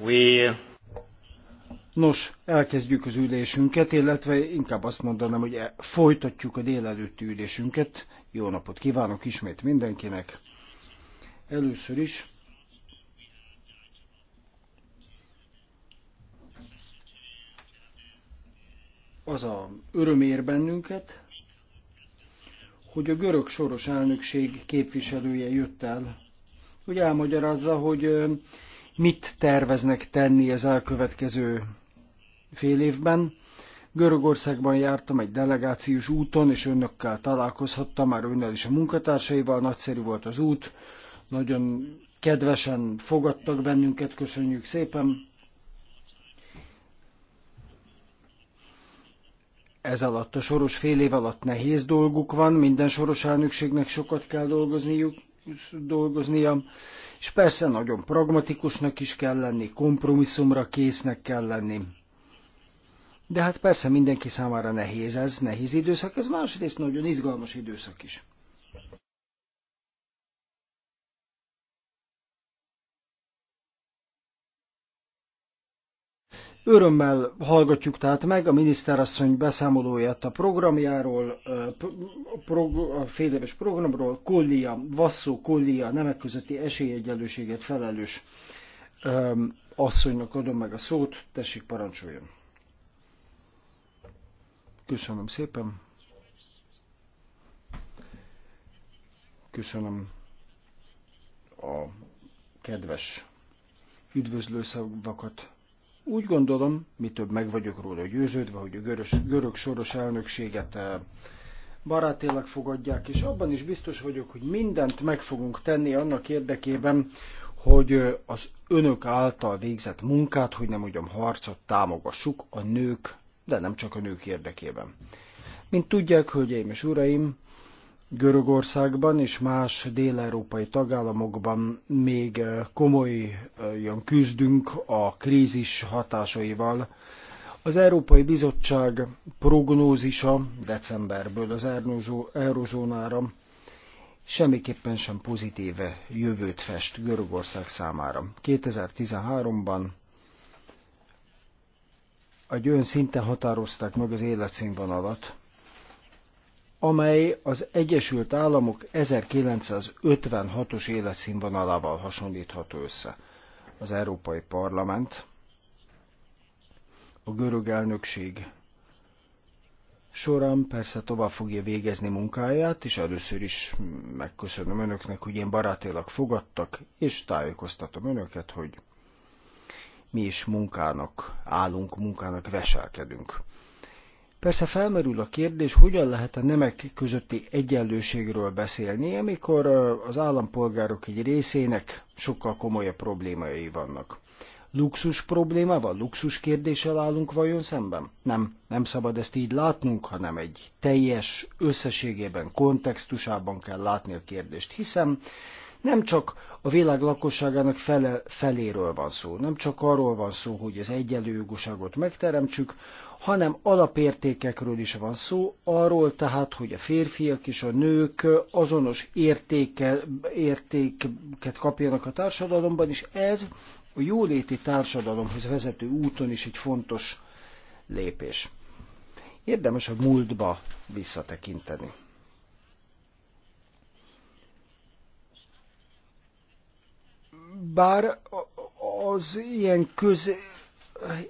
We... Nos, elkezdjük az ülésünket, illetve inkább azt mondanám, hogy folytatjuk a délelőtti ülésünket. Jó napot kívánok ismét mindenkinek. Először is az a öröm ér bennünket, hogy a görög soros elnökség képviselője jött el hogy elmagyarázza, hogy mit terveznek tenni az elkövetkező fél évben. Görögországban jártam egy delegációs úton, és önökkel találkozhattam, már önnel is a munkatársaival, nagyszerű volt az út, nagyon kedvesen fogadtak bennünket, köszönjük szépen. Ez alatt, a soros fél év alatt nehéz dolguk van, minden soros elnökségnek sokat kell dolgozniuk, dolgoznia, és persze nagyon pragmatikusnak is kell lenni, kompromisszumra késznek kell lenni. De hát persze mindenki számára nehéz ez, nehéz időszak, ez másrészt nagyon izgalmas időszak is. Örömmel hallgatjuk tehát meg a miniszterasszony beszámolóját a programjáról, a féléves programról, Kollia, Vasszó Kollia, nemek közötti esélyegyenlőséget felelős asszonynak adom meg a szót, tessék parancsoljon. Köszönöm szépen. Köszönöm a kedves üdvözlőszavakat úgy gondolom, mi több meg vagyok róla győződve, hogy a görös, görög soros elnökséget eh, barátélag fogadják, és abban is biztos vagyok, hogy mindent meg fogunk tenni annak érdekében, hogy eh, az önök által végzett munkát, hogy nem mondjam harcot támogassuk a nők, de nem csak a nők érdekében. Mint tudják, hölgyeim és uraim, Görögországban és más dél-európai tagállamokban még eh, komolyan küzdünk a krízis hatásaival. Az Európai Bizottság prognózisa decemberből az eurozónára semmiképpen sem pozitív jövőt fest Görögország számára. 2013-ban egy olyan szinten határozták meg az életszínvonalat, amely az Egyesült Államok 1956-os életszínvonalával hasonlítható össze. Az Európai Parlament, a görög elnökség során persze tovább fogja végezni munkáját, és először is megköszönöm önöknek, hogy én barátélag fogadtak, és tájékoztatom önöket, hogy mi is munkának állunk, munkának veselkedünk. Persze felmerül a kérdés, hogyan lehet a nemek közötti egyenlőségről beszélni, amikor az állampolgárok egy részének sokkal komolyabb problémai vannak. Luxus problémával, luxus kérdéssel állunk vajon szemben? Nem, nem szabad ezt így látnunk, hanem egy teljes összességében, kontextusában kell látni a kérdést, hiszen nem csak a világ lakosságának fele, feléről van szó, nem csak arról van szó, hogy az egyenlőjogoságot megteremtsük, hanem alapértékekről is van szó, arról tehát, hogy a férfiak és a nők azonos értéke, értéket kapjanak a társadalomban, és ez a jóléti társadalomhoz vezető úton is egy fontos lépés. Érdemes a múltba visszatekinteni. Bár az ilyen köz,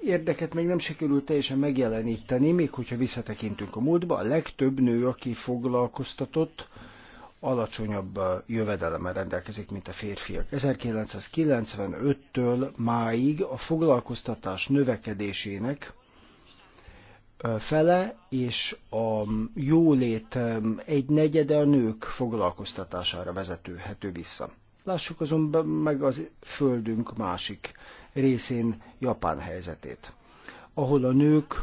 érdeket még nem sikerült teljesen megjeleníteni, még hogyha visszatekintünk a múltba, a legtöbb nő, aki foglalkoztatott, alacsonyabb jövedelemmel rendelkezik, mint a férfiak. 1995-től máig a foglalkoztatás növekedésének fele és a jólét egy negyede a nők foglalkoztatására vezetőhető vissza. Lássuk azonban meg az földünk másik részén Japán helyzetét, ahol a nők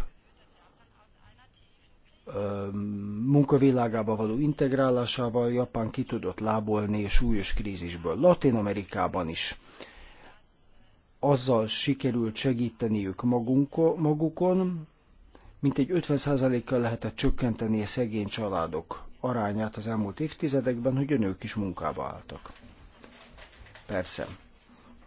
munkavilágába való integrálásával Japán ki tudott lábolni súlyos krízisből. Latin Amerikában is azzal sikerült segíteniük magunk, magukon, mint egy 50%-kal lehetett csökkenteni a szegény családok arányát az elmúlt évtizedekben, hogy a nők is munkába álltak. Persze,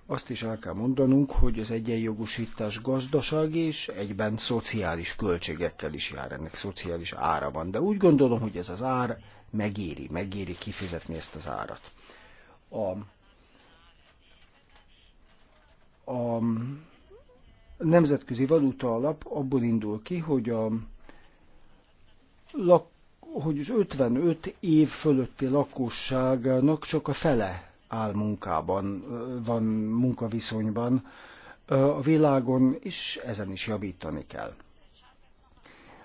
azt is el kell mondanunk, hogy az egyenjogosítás gazdaság és egyben szociális költségekkel is jár, ennek szociális ára van, de úgy gondolom, hogy ez az ár megéri, megéri kifizetni ezt az árat. A, a nemzetközi valuta alap abból indul ki, hogy a lak, hogy az 55 év fölötti lakosságnak csak a fele áll munkában, van munkaviszonyban a világon, és ezen is javítani kell.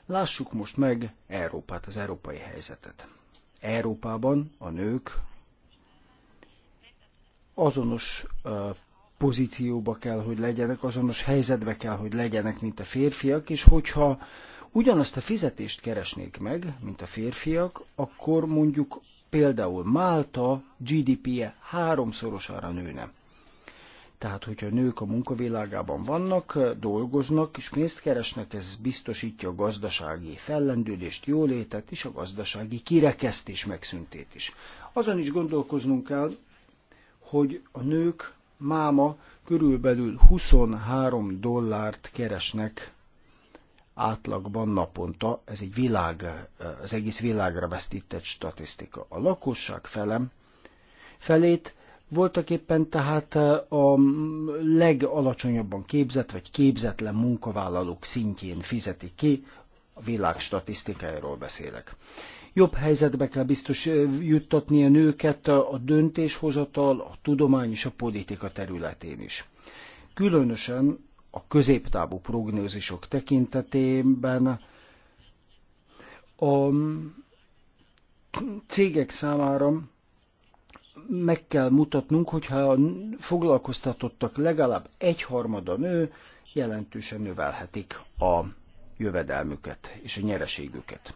Lássuk most meg Európát, az európai helyzetet. Európában a nők azonos pozícióba kell, hogy legyenek, azonos helyzetbe kell, hogy legyenek, mint a férfiak, és hogyha ugyanazt a fizetést keresnék meg, mint a férfiak, akkor mondjuk Például Málta GDP-je háromszorosára nőne. Tehát, hogyha nők a munkavilágában vannak, dolgoznak és pénzt keresnek, ez biztosítja a gazdasági fellendülést, jólétet és a gazdasági kirekesztés megszüntét is. Azon is gondolkoznunk kell, hogy a nők máma körülbelül 23 dollárt keresnek átlagban naponta, ez egy világ, az egész világra vesztített statisztika. A lakosság felem, felét voltak éppen tehát a legalacsonyabban képzett vagy képzetlen munkavállalók szintjén fizeti ki, a világ statisztikájáról beszélek. Jobb helyzetbe kell biztos juttatni a nőket a döntéshozatal, a tudomány és a politika területén is. Különösen a középtávú prognózisok tekintetében a cégek számára meg kell mutatnunk, hogyha a foglalkoztatottak legalább egyharmada nő, jelentősen növelhetik a jövedelmüket és a nyereségüket.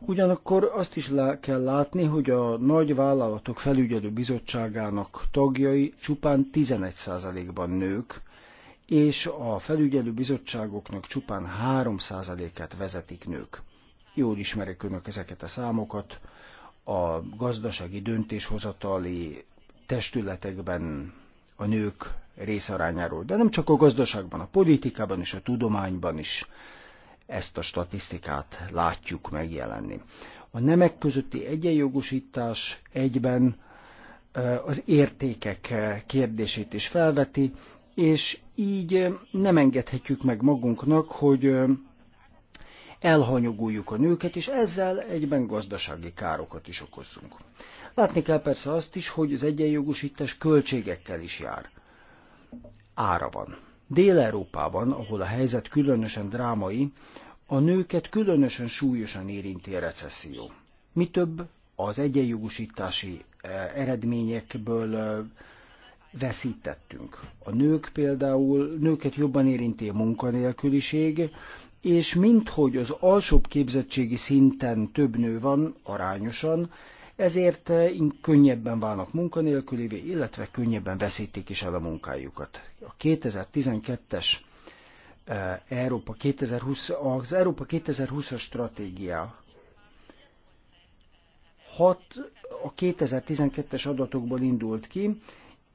Ugyanakkor azt is le kell látni, hogy a nagy vállalatok felügyelő bizottságának tagjai csupán 11%-ban nők, és a felügyelő bizottságoknak csupán 3%-át vezetik nők. Jól ismerik önök ezeket a számokat, a gazdasági döntéshozatali testületekben a nők részarányáról, de nem csak a gazdaságban, a politikában és a tudományban is ezt a statisztikát látjuk megjelenni. A nemek közötti egyenjogosítás egyben az értékek kérdését is felveti, és így eh, nem engedhetjük meg magunknak, hogy eh, elhanyoguljuk a nőket, és ezzel egyben gazdasági károkat is okozunk. Látni kell persze azt is, hogy az egyenjogosítás költségekkel is jár. Ára van. Dél-Európában, ahol a helyzet különösen drámai, a nőket különösen súlyosan érinti a recesszió. Mi több, az egyenjogosítási eh, eredményekből veszítettünk. A nők például, nőket jobban érinti a munkanélküliség, és minthogy az alsóbb képzettségi szinten több nő van arányosan, ezért könnyebben válnak munkanélkülévé, illetve könnyebben veszítik is el a munkájukat. A 2012-es eh, Európa 2020, az Európa 2020-as stratégia hat a 2012-es adatokból indult ki,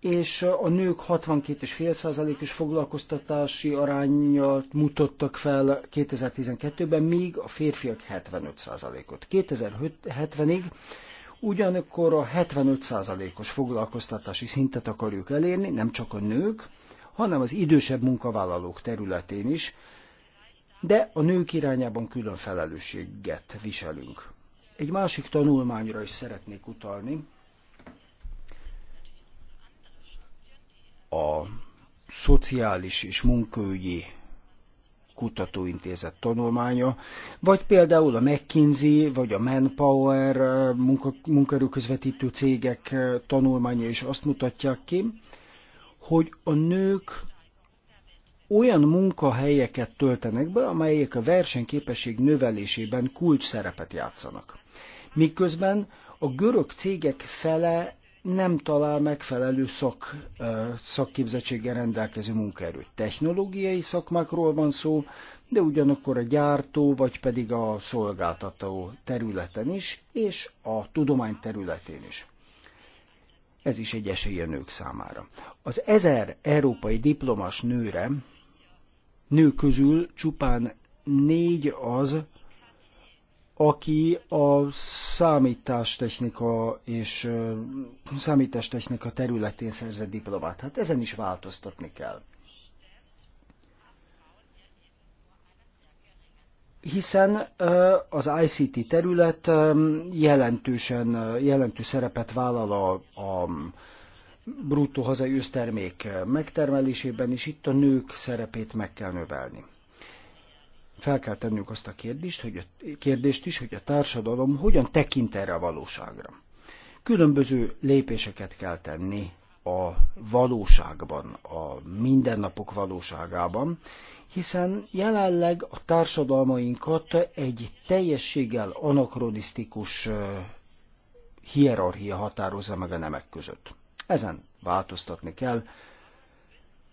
és a nők 62,5%-os foglalkoztatási arányjalt mutattak fel 2012-ben, míg a férfiak 75%-ot. 2070-ig ugyanakkor a 75%-os foglalkoztatási szintet akarjuk elérni, nem csak a nők, hanem az idősebb munkavállalók területén is, de a nők irányában külön felelősséget viselünk. Egy másik tanulmányra is szeretnék utalni, a Szociális és Munkaügyi Kutatóintézet tanulmánya, vagy például a McKinsey, vagy a Manpower eh, munkaerőközvetítő cégek eh, tanulmánya is azt mutatják ki, hogy a nők olyan munkahelyeket töltenek be, amelyek a versenyképesség növelésében kulcs szerepet játszanak. Miközben a görög cégek fele nem talál megfelelő szak, szakképzettséggel rendelkező munkaerőt. Technológiai szakmákról van szó, de ugyanakkor a gyártó, vagy pedig a szolgáltató területen is, és a tudomány területén is. Ez is egy esély a nők számára. Az ezer európai diplomas nőre, nő közül csupán négy az, aki a számítástechnika és számítástechnika területén szerzett diplomát. Hát ezen is változtatni kell. hiszen az ICT terület jelentősen, jelentő szerepet vállal a, a bruttó hazai össztermék megtermelésében, és itt a nők szerepét meg kell növelni fel kell tennünk azt a kérdést, hogy a, kérdést is, hogy a társadalom hogyan tekint erre a valóságra. Különböző lépéseket kell tenni a valóságban, a mindennapok valóságában, hiszen jelenleg a társadalmainkat egy teljességgel anakronisztikus hierarchia határozza meg a nemek között. Ezen változtatni kell,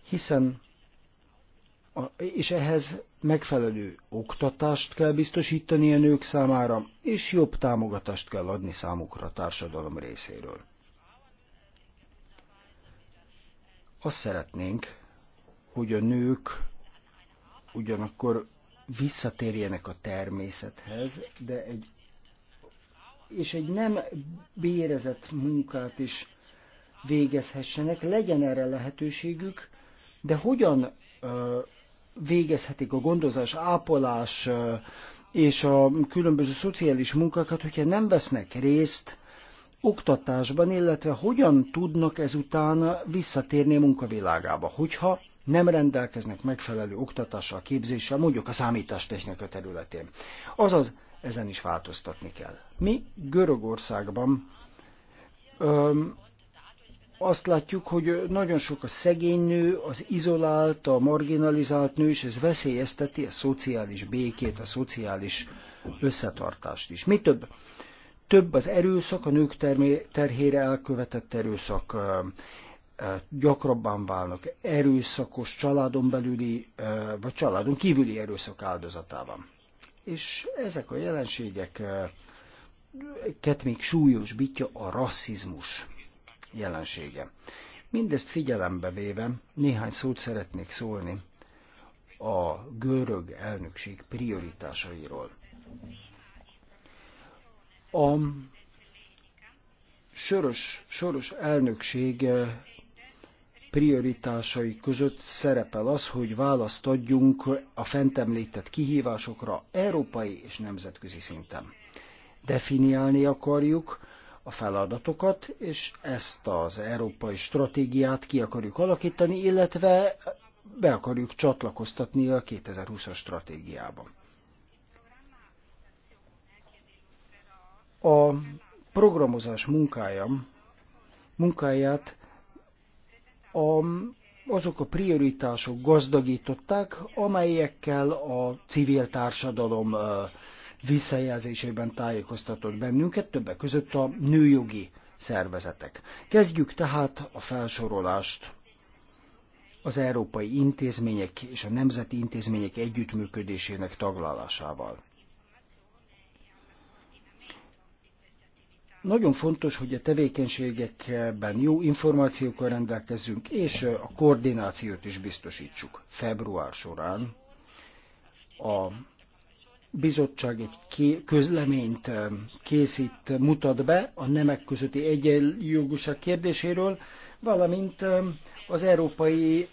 hiszen és ehhez megfelelő oktatást kell biztosítani a nők számára, és jobb támogatást kell adni számukra a társadalom részéről. Azt szeretnénk, hogy a nők ugyanakkor visszatérjenek a természethez, de egy, és egy nem bérezett munkát is végezhessenek, legyen erre lehetőségük, de hogyan végezhetik a gondozás, ápolás és a különböző szociális munkákat, hogyha nem vesznek részt oktatásban, illetve hogyan tudnak ezután visszatérni a munkavilágába, hogyha nem rendelkeznek megfelelő oktatással, képzéssel, mondjuk a számítástechnika területén. Azaz, ezen is változtatni kell. Mi Görögországban azt látjuk, hogy nagyon sok a szegény nő, az izolált, a marginalizált nő, és ez veszélyezteti a szociális békét, a szociális összetartást is. Mi több? Több az erőszak, a nők terhére elkövetett erőszak, gyakrabban válnak erőszakos családon belüli, vagy családon kívüli erőszak áldozatában. És ezek a jelenségek ket még bitja a rasszizmus jelensége. Mindezt figyelembe véve néhány szót szeretnék szólni a görög elnökség prioritásairól. A soros, soros elnökség eh, prioritásai között szerepel az, hogy választ adjunk a fent említett kihívásokra európai és nemzetközi szinten. Definiálni akarjuk, a feladatokat, és ezt az európai stratégiát ki akarjuk alakítani, illetve be akarjuk csatlakoztatni a 2020-as stratégiába. A programozás munkájam, munkáját a, azok a prioritások gazdagították, amelyekkel a civil társadalom visszajelzésében tájékoztatott bennünket, többek között a nőjogi szervezetek. Kezdjük tehát a felsorolást az európai intézmények és a nemzeti intézmények együttműködésének taglalásával. Nagyon fontos, hogy a tevékenységekben jó információkkal rendelkezzünk, és a koordinációt is biztosítsuk. Február során a bizottság egy közleményt készít, mutat be a nemek közötti egyenjogúság kérdéséről, valamint az Európai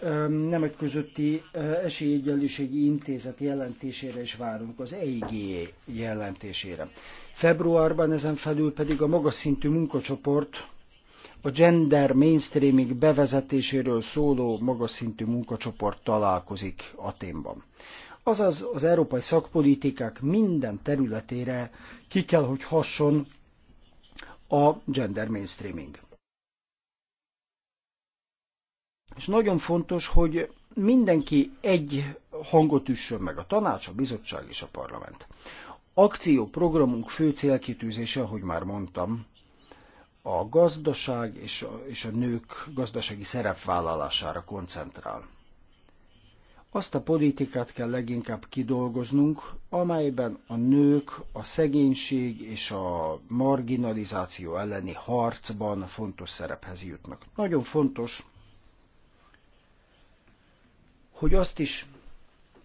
Nemek Közötti Esélyegyenlőségi Intézet jelentésére is várunk, az EIG jelentésére. Februárban ezen felül pedig a magas szintű munkacsoport a gender mainstreaming bevezetéséről szóló magas szintű munkacsoport találkozik a Aténban. Azaz az európai szakpolitikák minden területére ki kell, hogy hasson a gender mainstreaming. És nagyon fontos, hogy mindenki egy hangot üssön meg, a tanács, a bizottság és a parlament. Akcióprogramunk fő célkitűzése, ahogy már mondtam, a gazdaság és a, és a nők gazdasági szerepvállalására koncentrál. Azt a politikát kell leginkább kidolgoznunk, amelyben a nők a szegénység és a marginalizáció elleni harcban fontos szerephez jutnak. Nagyon fontos, hogy azt is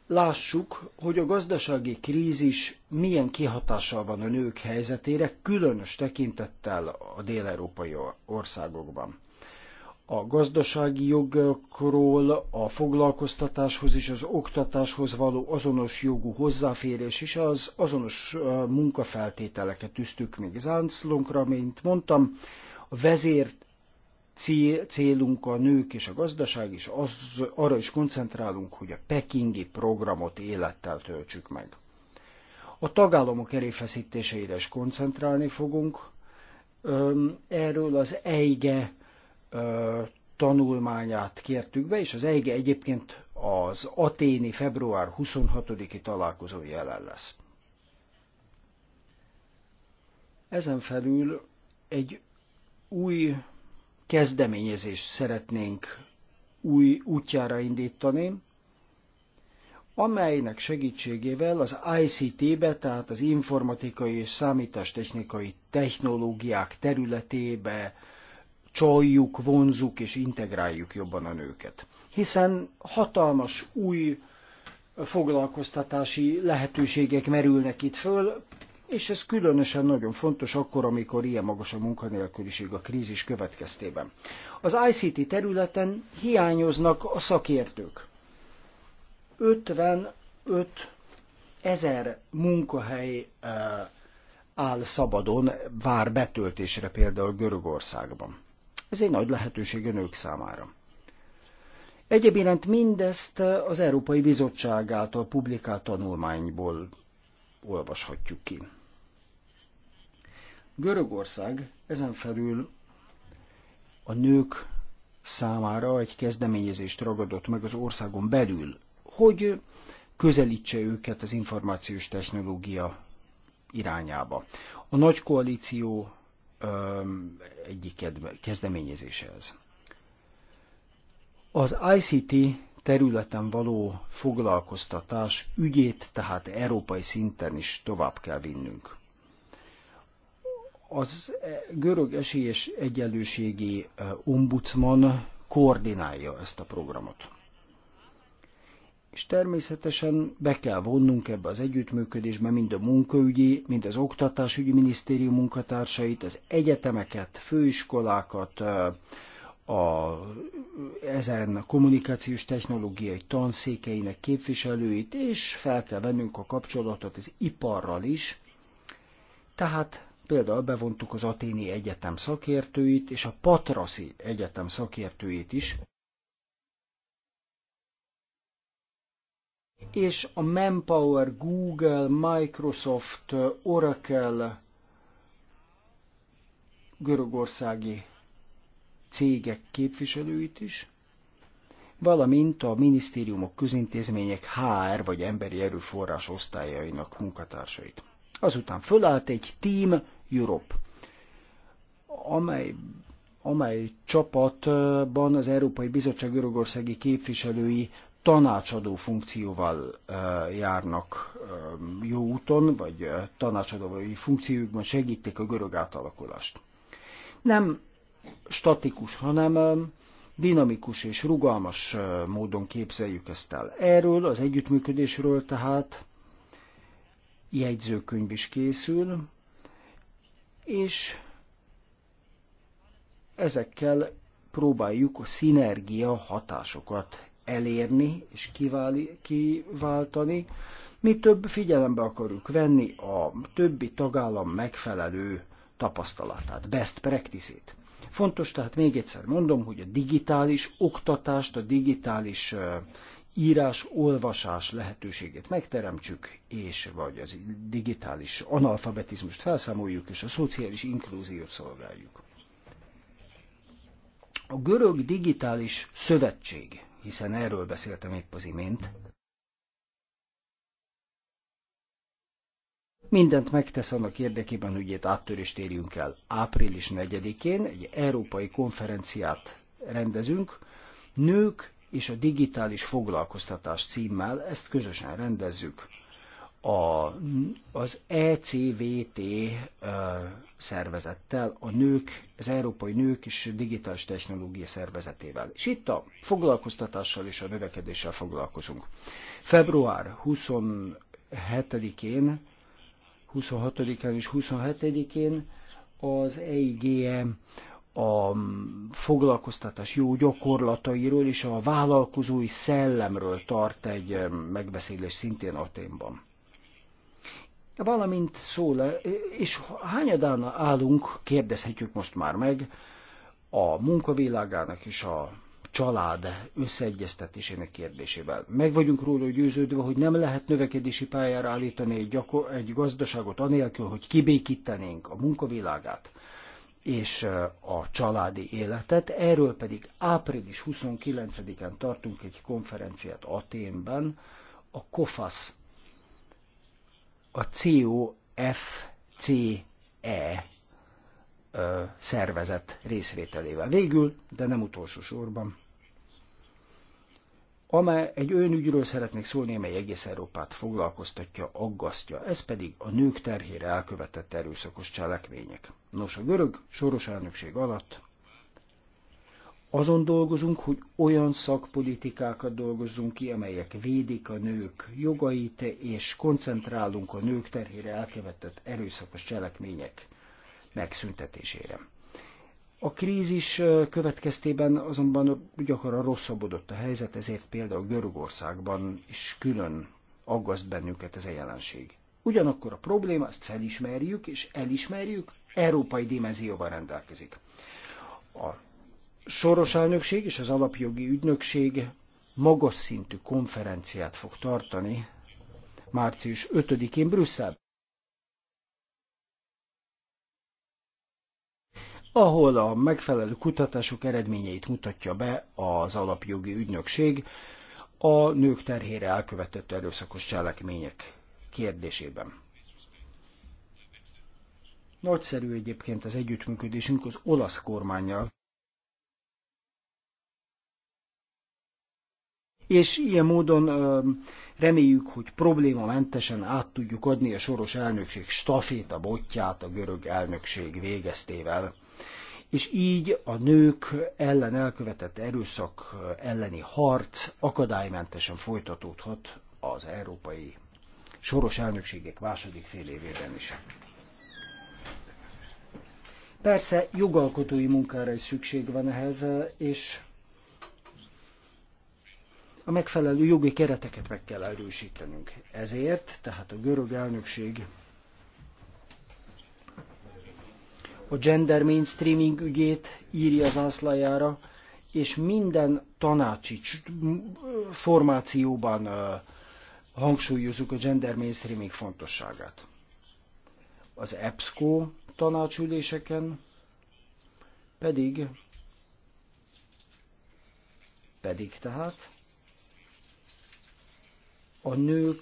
lássuk, hogy a gazdasági krízis milyen kihatással van a nők helyzetére, különös tekintettel a dél-európai országokban a gazdasági jogokról, a foglalkoztatáshoz és az oktatáshoz való azonos jogú hozzáférés is az azonos munkafeltételeket tűztük még zánclónkra, mint mondtam, a vezér célunk a nők és a gazdaság, és az, arra is koncentrálunk, hogy a pekingi programot élettel töltsük meg. A tagállamok erőfeszítéseire is koncentrálni fogunk, erről az EIGE tanulmányát kértük be, és az EIGE egyébként az aténi február 26-i találkozó jelen lesz. Ezen felül egy új kezdeményezést szeretnénk új útjára indítani, amelynek segítségével az ICT-be, tehát az informatikai és számítástechnikai technológiák területébe csaljuk, vonzuk és integráljuk jobban a nőket. Hiszen hatalmas új foglalkoztatási lehetőségek merülnek itt föl, és ez különösen nagyon fontos akkor, amikor ilyen magas a munkanélküliség a krízis következtében. Az ICT területen hiányoznak a szakértők. 55 ezer munkahely eh, áll szabadon, vár betöltésre például Görögországban. Ez egy nagy lehetőség a nők számára. Egyéb iránt mindezt az Európai Bizottság által publikált tanulmányból olvashatjuk ki. Görögország ezen felül a nők számára egy kezdeményezést ragadott meg az országon belül, hogy közelítse őket az információs technológia irányába. A nagy koalíció egyik kezdeményezése ez. Az ICT területen való foglalkoztatás ügyét tehát európai szinten is tovább kell vinnünk. Az e, görög esélyes egyenlőségi e, ombudsman koordinálja ezt a programot és természetesen be kell vonnunk ebbe az együttműködésbe mind a munkaügyi, mind az oktatásügyi minisztérium munkatársait, az egyetemeket, főiskolákat, a, ezen kommunikációs technológiai tanszékeinek képviselőit, és fel kell vennünk a kapcsolatot az iparral is. Tehát például bevontuk az Aténi Egyetem szakértőit és a Patraszi Egyetem szakértőit is, és a Manpower, Google, Microsoft, Oracle görögországi cégek képviselőit is, valamint a minisztériumok közintézmények HR vagy emberi erőforrás osztályainak munkatársait. Azután fölállt egy Team Europe, amely, amely csapatban az Európai Bizottság görögországi képviselői tanácsadó funkcióval járnak jó úton, vagy tanácsadói funkciójukban segítik a görög átalakulást. Nem statikus, hanem dinamikus és rugalmas módon képzeljük ezt el. Erről az együttműködésről tehát jegyzőkönyv is készül, és ezekkel próbáljuk a szinergia hatásokat elérni és kiváli, kiváltani, mi több figyelembe akarjuk venni a többi tagállam megfelelő tapasztalatát, best practice-ét. Fontos tehát még egyszer mondom, hogy a digitális oktatást, a digitális írás-olvasás lehetőségét megteremtsük, és vagy az digitális analfabetizmust felszámoljuk, és a szociális inklúziót szolgáljuk. A Görög Digitális Szövetség hiszen erről beszéltem épp az imént. Mindent megtesz annak érdekében, hogy itt áttörést érjünk el. Április 4-én egy európai konferenciát rendezünk, nők és a digitális foglalkoztatás címmel, ezt közösen rendezzük a, az ECVT szervezettel, a nők, az Európai Nők és Digitális Technológia Szervezetével. És itt a foglalkoztatással és a növekedéssel foglalkozunk. Február 27-én, 26-án és 27-én az EIGM e a foglalkoztatás jó gyakorlatairól és a vállalkozói szellemről tart egy megbeszélés szintén témban valamint szól, és hányadán állunk, kérdezhetjük most már meg, a munkavilágának és a család összeegyeztetésének kérdésével. Meg vagyunk róla győződve, hogy nem lehet növekedési pályára állítani egy, gyakor- egy gazdaságot anélkül, hogy kibékítenénk a munkavilágát és eh, a családi életet. Erről pedig április 29-en tartunk egy konferenciát Aténben, a COFASZ a COFCE szervezet részvételével. Végül, de nem utolsó sorban, amely egy olyan ügyről szeretnék szólni, amely egész Európát foglalkoztatja, aggasztja, ez pedig a nők terhére elkövetett erőszakos cselekmények. Nos, a görög soros elnökség alatt azon dolgozunk, hogy olyan szakpolitikákat dolgozzunk ki, amelyek védik a nők jogait, és koncentrálunk a nők terhére elkövetett erőszakos cselekmények megszüntetésére. A krízis következtében azonban gyakran rosszabbodott a helyzet, ezért például Görögországban is külön aggaszt bennünket ez a jelenség. Ugyanakkor a probléma, ezt felismerjük és elismerjük, európai dimenzióval rendelkezik. A Soros elnökség és az alapjogi ügynökség magas szintű konferenciát fog tartani március 5-én Brüsszelben. ahol a megfelelő kutatások eredményeit mutatja be az alapjogi ügynökség a nők terhére elkövetett erőszakos cselekmények kérdésében. Nagyszerű egyébként az együttműködésünk az olasz kormányjal, és ilyen módon reméljük, hogy problémamentesen át tudjuk adni a soros elnökség a botját a görög elnökség végeztével és így a nők ellen elkövetett erőszak elleni harc akadálymentesen folytatódhat az európai soros elnökségek második fél évében is. Persze jogalkotói munkára is szükség van ehhez, és a megfelelő jogi kereteket meg kell erősítenünk. Ezért, tehát a görög elnökség a gender mainstreaming ügyét írja az ászlajára, és minden tanácsi formációban hangsúlyozzuk a gender mainstreaming fontosságát. Az EBSCO tanácsüléseken pedig pedig tehát a nők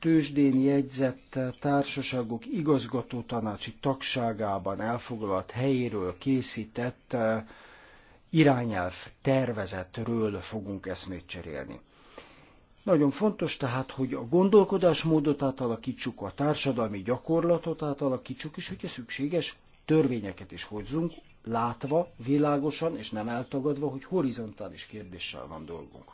tőzsdén jegyzett társaságok igazgató tanácsi tagságában elfoglalt helyéről készített e, irányelv tervezetről fogunk eszmét cserélni. Nagyon fontos tehát, hogy a gondolkodásmódot átalakítsuk, a társadalmi gyakorlatot átalakítsuk, és hogyha szükséges, törvényeket is hozzunk, látva világosan és nem eltagadva, hogy horizontális kérdéssel van dolgunk.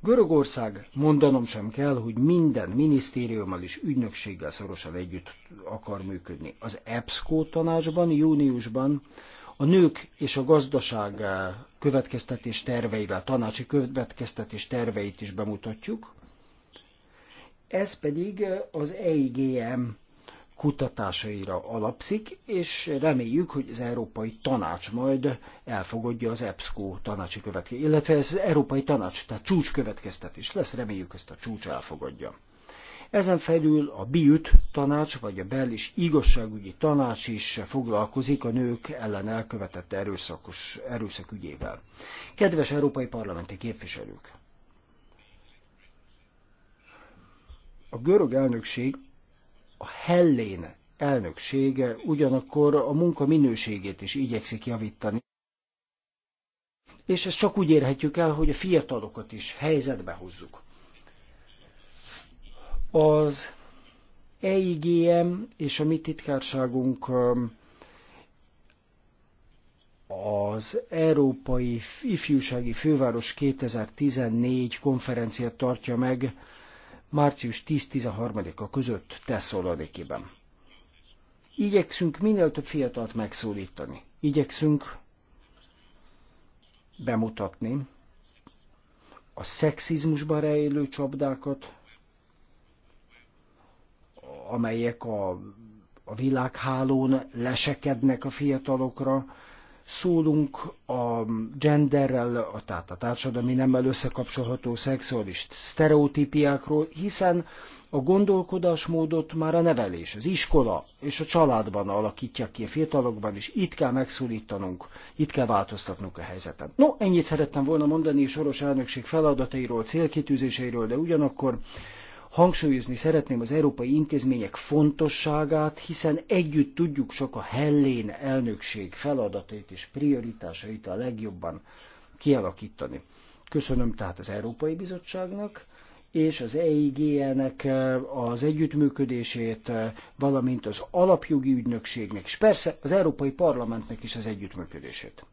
Görögország, mondanom sem kell, hogy minden minisztériummal és ügynökséggel szorosan együtt akar működni. Az EBSCO tanácsban júniusban a nők és a gazdaság eh, következtetés terveivel, tanácsi következtetés terveit is bemutatjuk. Ez pedig eh, az EIGM kutatásaira alapszik, és reméljük, hogy az Európai Tanács majd elfogadja az EBSCO tanácsi következtetés, illetve ez az Európai Tanács, tehát csúcs következtetés lesz, reméljük ezt a csúcs elfogadja. Ezen felül a BIUT tanács, vagy a BEL és igazságügyi tanács is foglalkozik a nők ellen elkövetett erőszakos, erőszak ügyével. Kedves európai parlamenti képviselők! A görög elnökség a Hellén elnöksége ugyanakkor a munka minőségét is igyekszik javítani. És ezt csak úgy érhetjük el, hogy a fiatalokat is helyzetbe hozzuk. Az EIGM és a mi titkárságunk um, az Európai Ifjúsági Főváros 2014 konferenciát tartja meg, március 10-13-a között Tesszolonikiben. Igyekszünk minél több fiatalt megszólítani. Igyekszünk bemutatni a szexizmusban rejlő csapdákat, amelyek a, a világhálón lesekednek a fiatalokra, szólunk a genderrel, a, tehát a társadalmi nemmel összekapcsolható szexuális sztereotípiákról, hiszen a gondolkodásmódot már a nevelés, az iskola és a családban alakítják ki a fiatalokban, és itt kell megszólítanunk, itt kell változtatnunk a helyzeten. No, ennyit szerettem volna mondani soros elnökség feladatairól, célkitűzéseiről, de ugyanakkor Hangsúlyozni szeretném az európai intézmények fontosságát, hiszen együtt tudjuk csak a hellén elnökség feladatait és prioritásait a legjobban kialakítani. Köszönöm tehát az Európai Bizottságnak, és az EIG-nek eh, az együttműködését, eh, valamint az alapjogi ügynökségnek, és persze az Európai Parlamentnek is az együttműködését.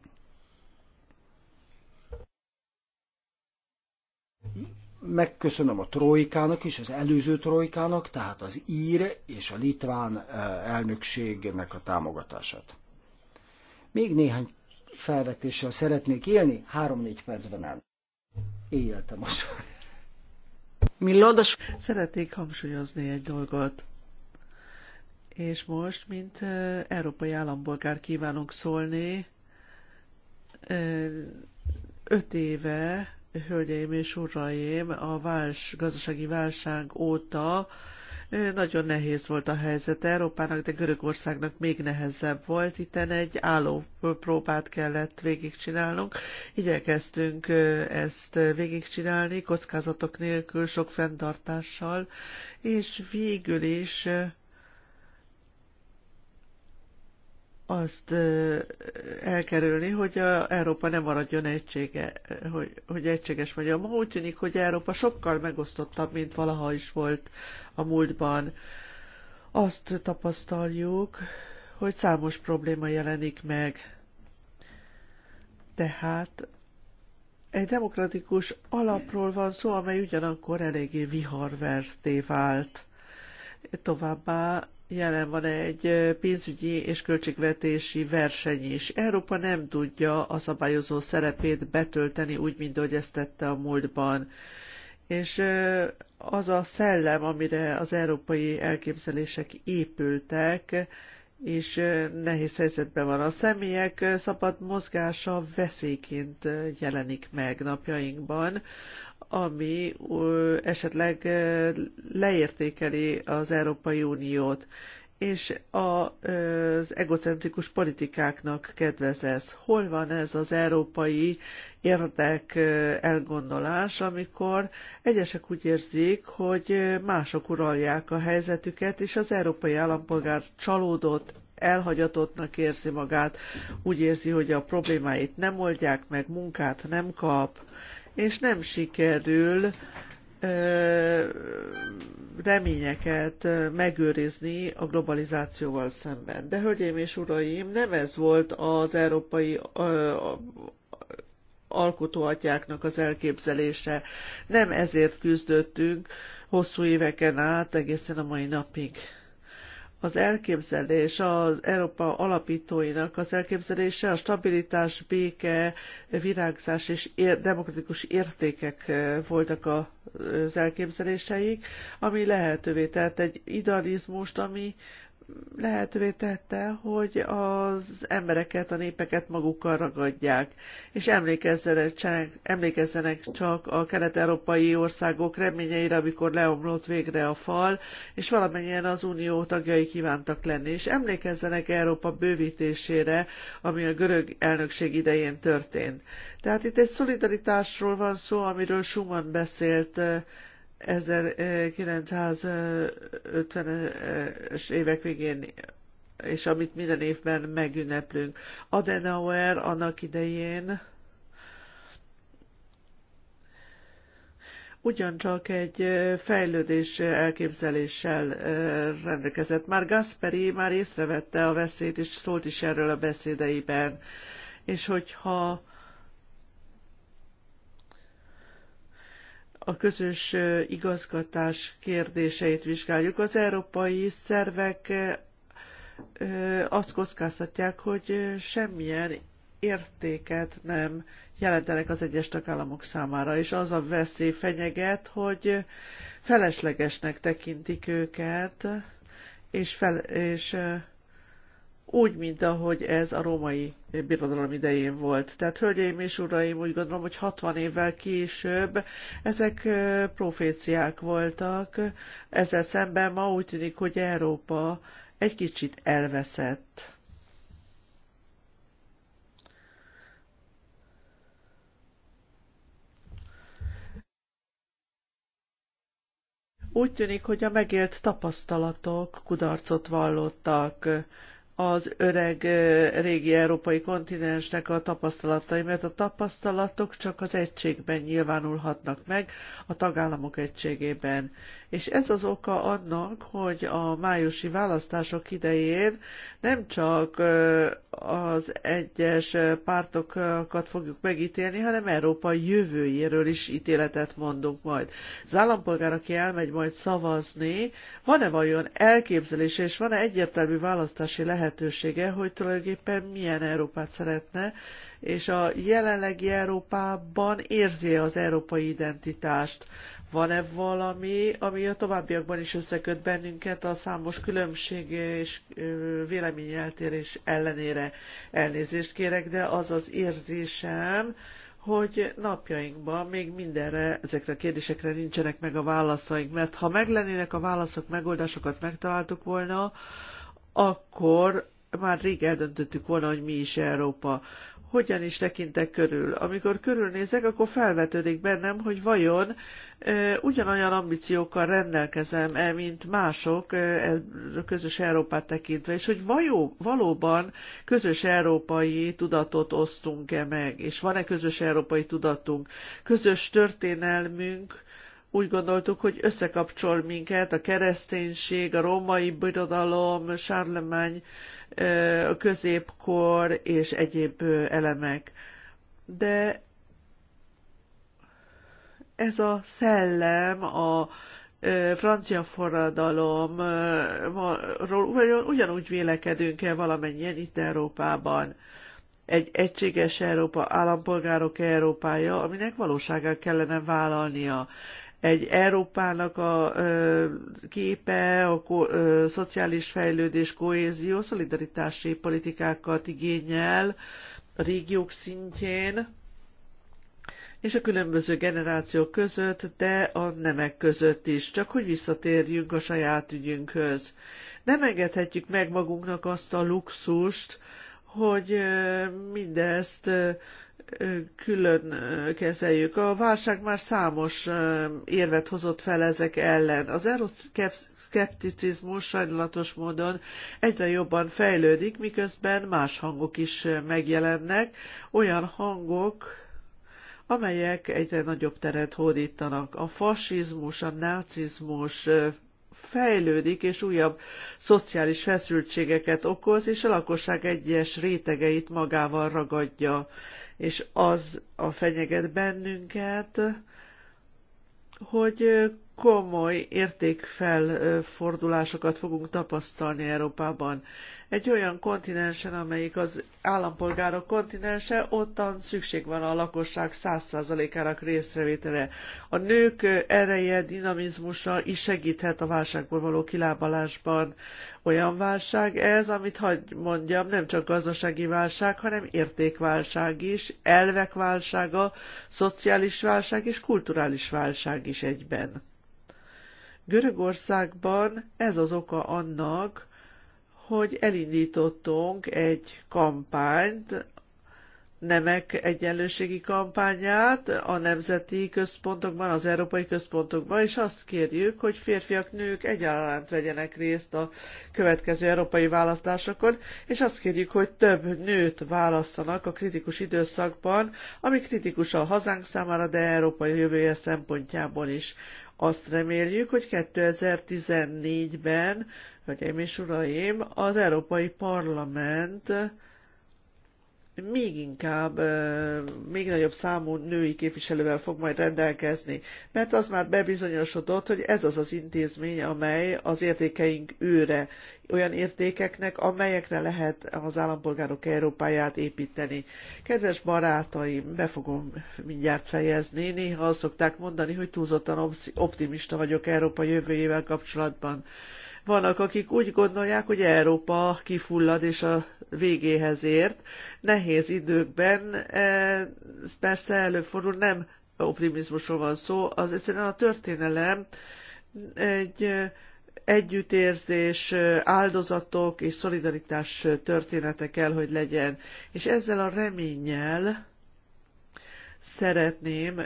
megköszönöm a trojkának is, az előző trojkának, tehát az ír és a litván eh, elnökségnek a támogatását. Még néhány felvetéssel szeretnék élni, három-négy percben el. Éjjelte most. Millodas. Szeretnék hangsúlyozni egy dolgot. És most, mint eh, európai állampolgár kívánunk szólni, eh, öt éve hölgyeim és uraim, a válsz gazdasági válság óta nagyon nehéz volt a helyzet Európának, de Görögországnak még nehezebb volt. Itten egy álló próbát kellett végigcsinálnunk. Igyekeztünk ezt végigcsinálni kockázatok nélkül, sok fenntartással, és végül is azt elkerülni, hogy a Európa nem maradjon egysége, hogy, hogy egységes vagy. Ma úgy tűnik, hogy Európa sokkal megosztottabb, mint valaha is volt a múltban. Azt tapasztaljuk, hogy számos probléma jelenik meg. Tehát egy demokratikus alapról van szó, amely ugyanakkor eléggé viharverté vált. Továbbá jelen van egy pénzügyi és költségvetési verseny is. Európa nem tudja a szabályozó szerepét betölteni úgy, mint ahogy ezt tette a múltban. És az a szellem, amire az európai elképzelések épültek, és nehéz helyzetben van. A személyek szabad mozgása veszélyként jelenik meg napjainkban, ami esetleg leértékeli az Európai Uniót és az egocentrikus politikáknak kedvez ez. Hol van ez az európai érdek elgondolás, amikor egyesek úgy érzik, hogy mások uralják a helyzetüket, és az európai állampolgár csalódott, elhagyatottnak érzi magát, úgy érzi, hogy a problémáit nem oldják meg, munkát nem kap, és nem sikerül reményeket megőrizni a globalizációval szemben. De hölgyeim és uraim, nem ez volt az európai alkotóatyáknak az elképzelése. Nem ezért küzdöttünk hosszú éveken át egészen a mai napig az elképzelés, az Európa alapítóinak az elképzelése a stabilitás, béke, virágzás és ér, demokratikus értékek voltak a, az elképzeléseik, ami lehetővé tett egy idealizmust, ami lehetővé tette, hogy az embereket, a népeket magukkal ragadják, és emlékezzenek, csenek, emlékezzenek csak a kelet-európai országok reményeire, amikor leomlott végre a fal, és valamennyien az unió tagjai kívántak lenni, és emlékezzenek Európa bővítésére, ami a görög elnökség idején történt. Tehát itt egy szolidaritásról van szó, amiről Schumann beszélt 1950-es évek végén és amit minden évben megünneplünk. Adenauer annak idején ugyancsak egy fejlődés elképzeléssel rendelkezett. Már Gasperi már észrevette a veszélyt, és szólt is erről a beszédeiben. És hogyha a közös igazgatás kérdéseit vizsgáljuk. Az európai szervek azt kockáztatják, hogy semmilyen értéket nem jelentenek az egyes tagállamok számára, és az a veszély fenyeget, hogy feleslegesnek tekintik őket, és, fel, és úgy, mint ahogy ez a római birodalom idején volt. Tehát, hölgyeim és uraim, úgy gondolom, hogy 60 évvel később ezek proféciák voltak. Ezzel szemben ma úgy tűnik, hogy Európa egy kicsit elveszett. Úgy tűnik, hogy a megélt tapasztalatok kudarcot vallottak az öreg régi európai kontinensnek a tapasztalatai, mert a tapasztalatok csak az egységben nyilvánulhatnak meg, a tagállamok egységében és ez az oka annak, hogy a májusi választások idején nem csak az egyes pártokat fogjuk megítélni, hanem Európa jövőjéről is ítéletet mondunk majd. Az állampolgár, aki elmegy majd szavazni, van-e vajon elképzelése, és van-e egyértelmű választási lehetősége, hogy tulajdonképpen milyen Európát szeretne, és a jelenlegi Európában érzi az európai identitást. Van-e valami, ami a továbbiakban is összeköt bennünket a számos különbség és véleményeltérés ellenére? Elnézést kérek, de az az érzésem, hogy napjainkban még mindenre, ezekre a kérdésekre nincsenek meg a válaszaink, mert ha meglennének a válaszok, megoldásokat megtaláltuk volna, akkor már rég eldöntöttük volna, hogy mi is Európa hogyan is tekintek körül. Amikor körülnézek, akkor felvetődik bennem, hogy vajon e, ugyanolyan ambíciókkal rendelkezem-e, mint mások e, közös Európát tekintve, és hogy vajó, valóban közös európai tudatot osztunk-e meg, és van-e közös európai tudatunk, közös történelmünk, úgy gondoltuk, hogy összekapcsol minket a kereszténység, a római birodalom, Sárlemány, a középkor és egyéb elemek. De ez a szellem, a francia forradalomról ugyanúgy vélekedünk-e valamennyien itt Európában? egy egységes Európa, állampolgárok Európája, aminek valóságát kellene vállalnia egy Európának a képe, a szociális fejlődés, kohézió, szolidaritási politikákat igényel a régiók szintjén, és a különböző generációk között, de a nemek között is, csak hogy visszatérjünk a saját ügyünkhöz. Nem engedhetjük meg magunknak azt a luxust, hogy mindezt külön kezeljük. A válság már számos érvet hozott fel ezek ellen. Az euroszkepticizmus sajnálatos módon egyre jobban fejlődik, miközben más hangok is megjelennek, olyan hangok, amelyek egyre nagyobb teret hódítanak. A fasizmus, a nácizmus fejlődik, és újabb szociális feszültségeket okoz, és a lakosság egyes rétegeit magával ragadja és az a fenyeget bennünket, hogy komoly értékfelfordulásokat fogunk tapasztalni Európában. Egy olyan kontinensen, amelyik az állampolgárok kontinense, ottan szükség van a lakosság 100%-ának részrevétele. A nők ereje, dinamizmusa is segíthet a válságból való kilábalásban. Olyan válság ez, amit hagy mondjam, nem csak gazdasági válság, hanem értékválság is, elvek válsága, szociális válság és kulturális válság is egyben. Görögországban ez az oka annak, hogy elindítottunk egy kampányt nemek egyenlőségi kampányát a nemzeti központokban, az európai központokban, és azt kérjük, hogy férfiak, nők egyaránt vegyenek részt a következő európai választásokon, és azt kérjük, hogy több nőt válasszanak a kritikus időszakban, ami kritikus a hazánk számára, de európai jövője szempontjából is. Azt reméljük, hogy 2014-ben, hölgyeim és uraim, az Európai Parlament még inkább, még nagyobb számú női képviselővel fog majd rendelkezni, mert az már bebizonyosodott, hogy ez az az intézmény, amely az értékeink őre, olyan értékeknek, amelyekre lehet az állampolgárok Európáját építeni. Kedves barátaim, be fogom mindjárt fejezni, néha azt szokták mondani, hogy túlzottan optimista vagyok Európa jövőjével kapcsolatban. Vannak, akik úgy gondolják, hogy Európa kifullad és a végéhez ért. Nehéz időkben ez persze előfordul, nem optimizmusról van szó, az egyszerűen a történelem egy e, együttérzés, e, áldozatok és szolidaritás története kell, hogy legyen. És ezzel a reménnyel, szeretném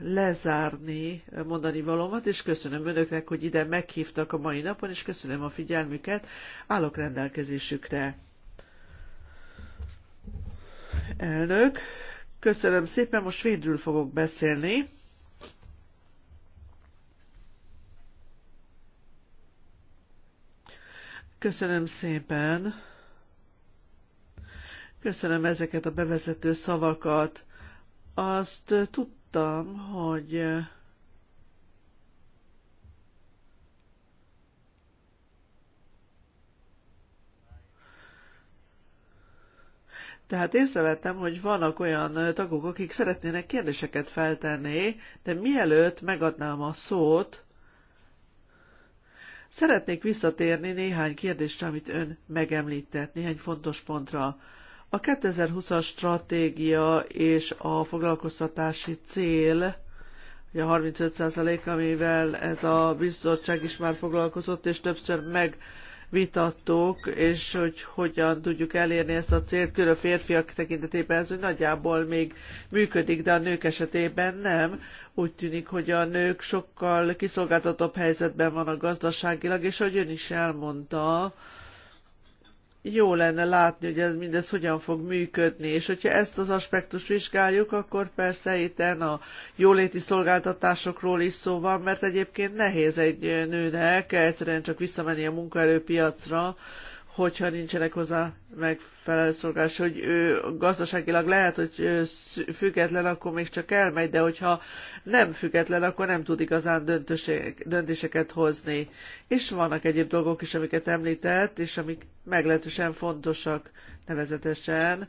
lezárni mondani valamat, és köszönöm önöknek, hogy ide meghívtak a mai napon, és köszönöm a figyelmüket, állok rendelkezésükre. Elnök, köszönöm szépen, most védről fogok beszélni. Köszönöm szépen. Köszönöm ezeket a bevezető szavakat azt tudtam, hogy Tehát észrevettem, hogy vannak olyan tagok, akik szeretnének kérdéseket feltenni, de mielőtt megadnám a szót, szeretnék visszatérni néhány kérdésre, amit ön megemlített, néhány fontos pontra. A 2020-as stratégia és a foglalkoztatási cél, a 35% amivel ez a bizottság is már foglalkozott, és többször megvitattuk, és hogy hogyan tudjuk elérni ezt a célt, külön a férfiak tekintetében ez hogy nagyjából még működik, de a nők esetében nem. Úgy tűnik, hogy a nők sokkal kiszolgáltatóbb helyzetben vannak gazdaságilag, és ahogy ön is elmondta, jó lenne látni, hogy ez mindez hogyan fog működni, és hogyha ezt az aspektust vizsgáljuk, akkor persze itten a jóléti szolgáltatásokról is szó van, mert egyébként nehéz egy nőnek egyszerűen csak visszamenni a munkaerőpiacra, hogyha nincsenek hozzá megfelelő szolgálás, hogy ő gazdaságilag lehet, hogy független, akkor még csak elmegy, de hogyha nem független, akkor nem tud igazán döntéseket hozni. És vannak egyéb dolgok is, amiket említett, és amik meglehetősen fontosak nevezetesen.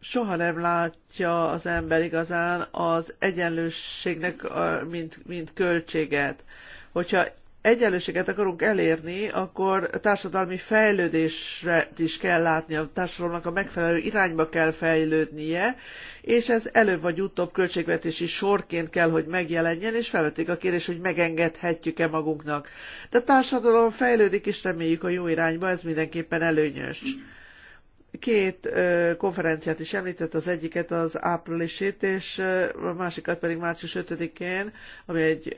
Soha nem látja az ember igazán az egyenlőségnek, mint, mint költséget hogyha egyenlőséget akarunk elérni, akkor társadalmi fejlődésre is kell látni, a társadalomnak a megfelelő irányba kell fejlődnie, és ez előbb vagy utóbb költségvetési sorként kell, hogy megjelenjen, és felvették a kérdés, hogy megengedhetjük-e magunknak. De a társadalom fejlődik, és reméljük a jó irányba, ez mindenképpen előnyös. Mm két konferenciát is említett, az egyiket az áprilisit, és a másikat pedig március 5-én, ami egy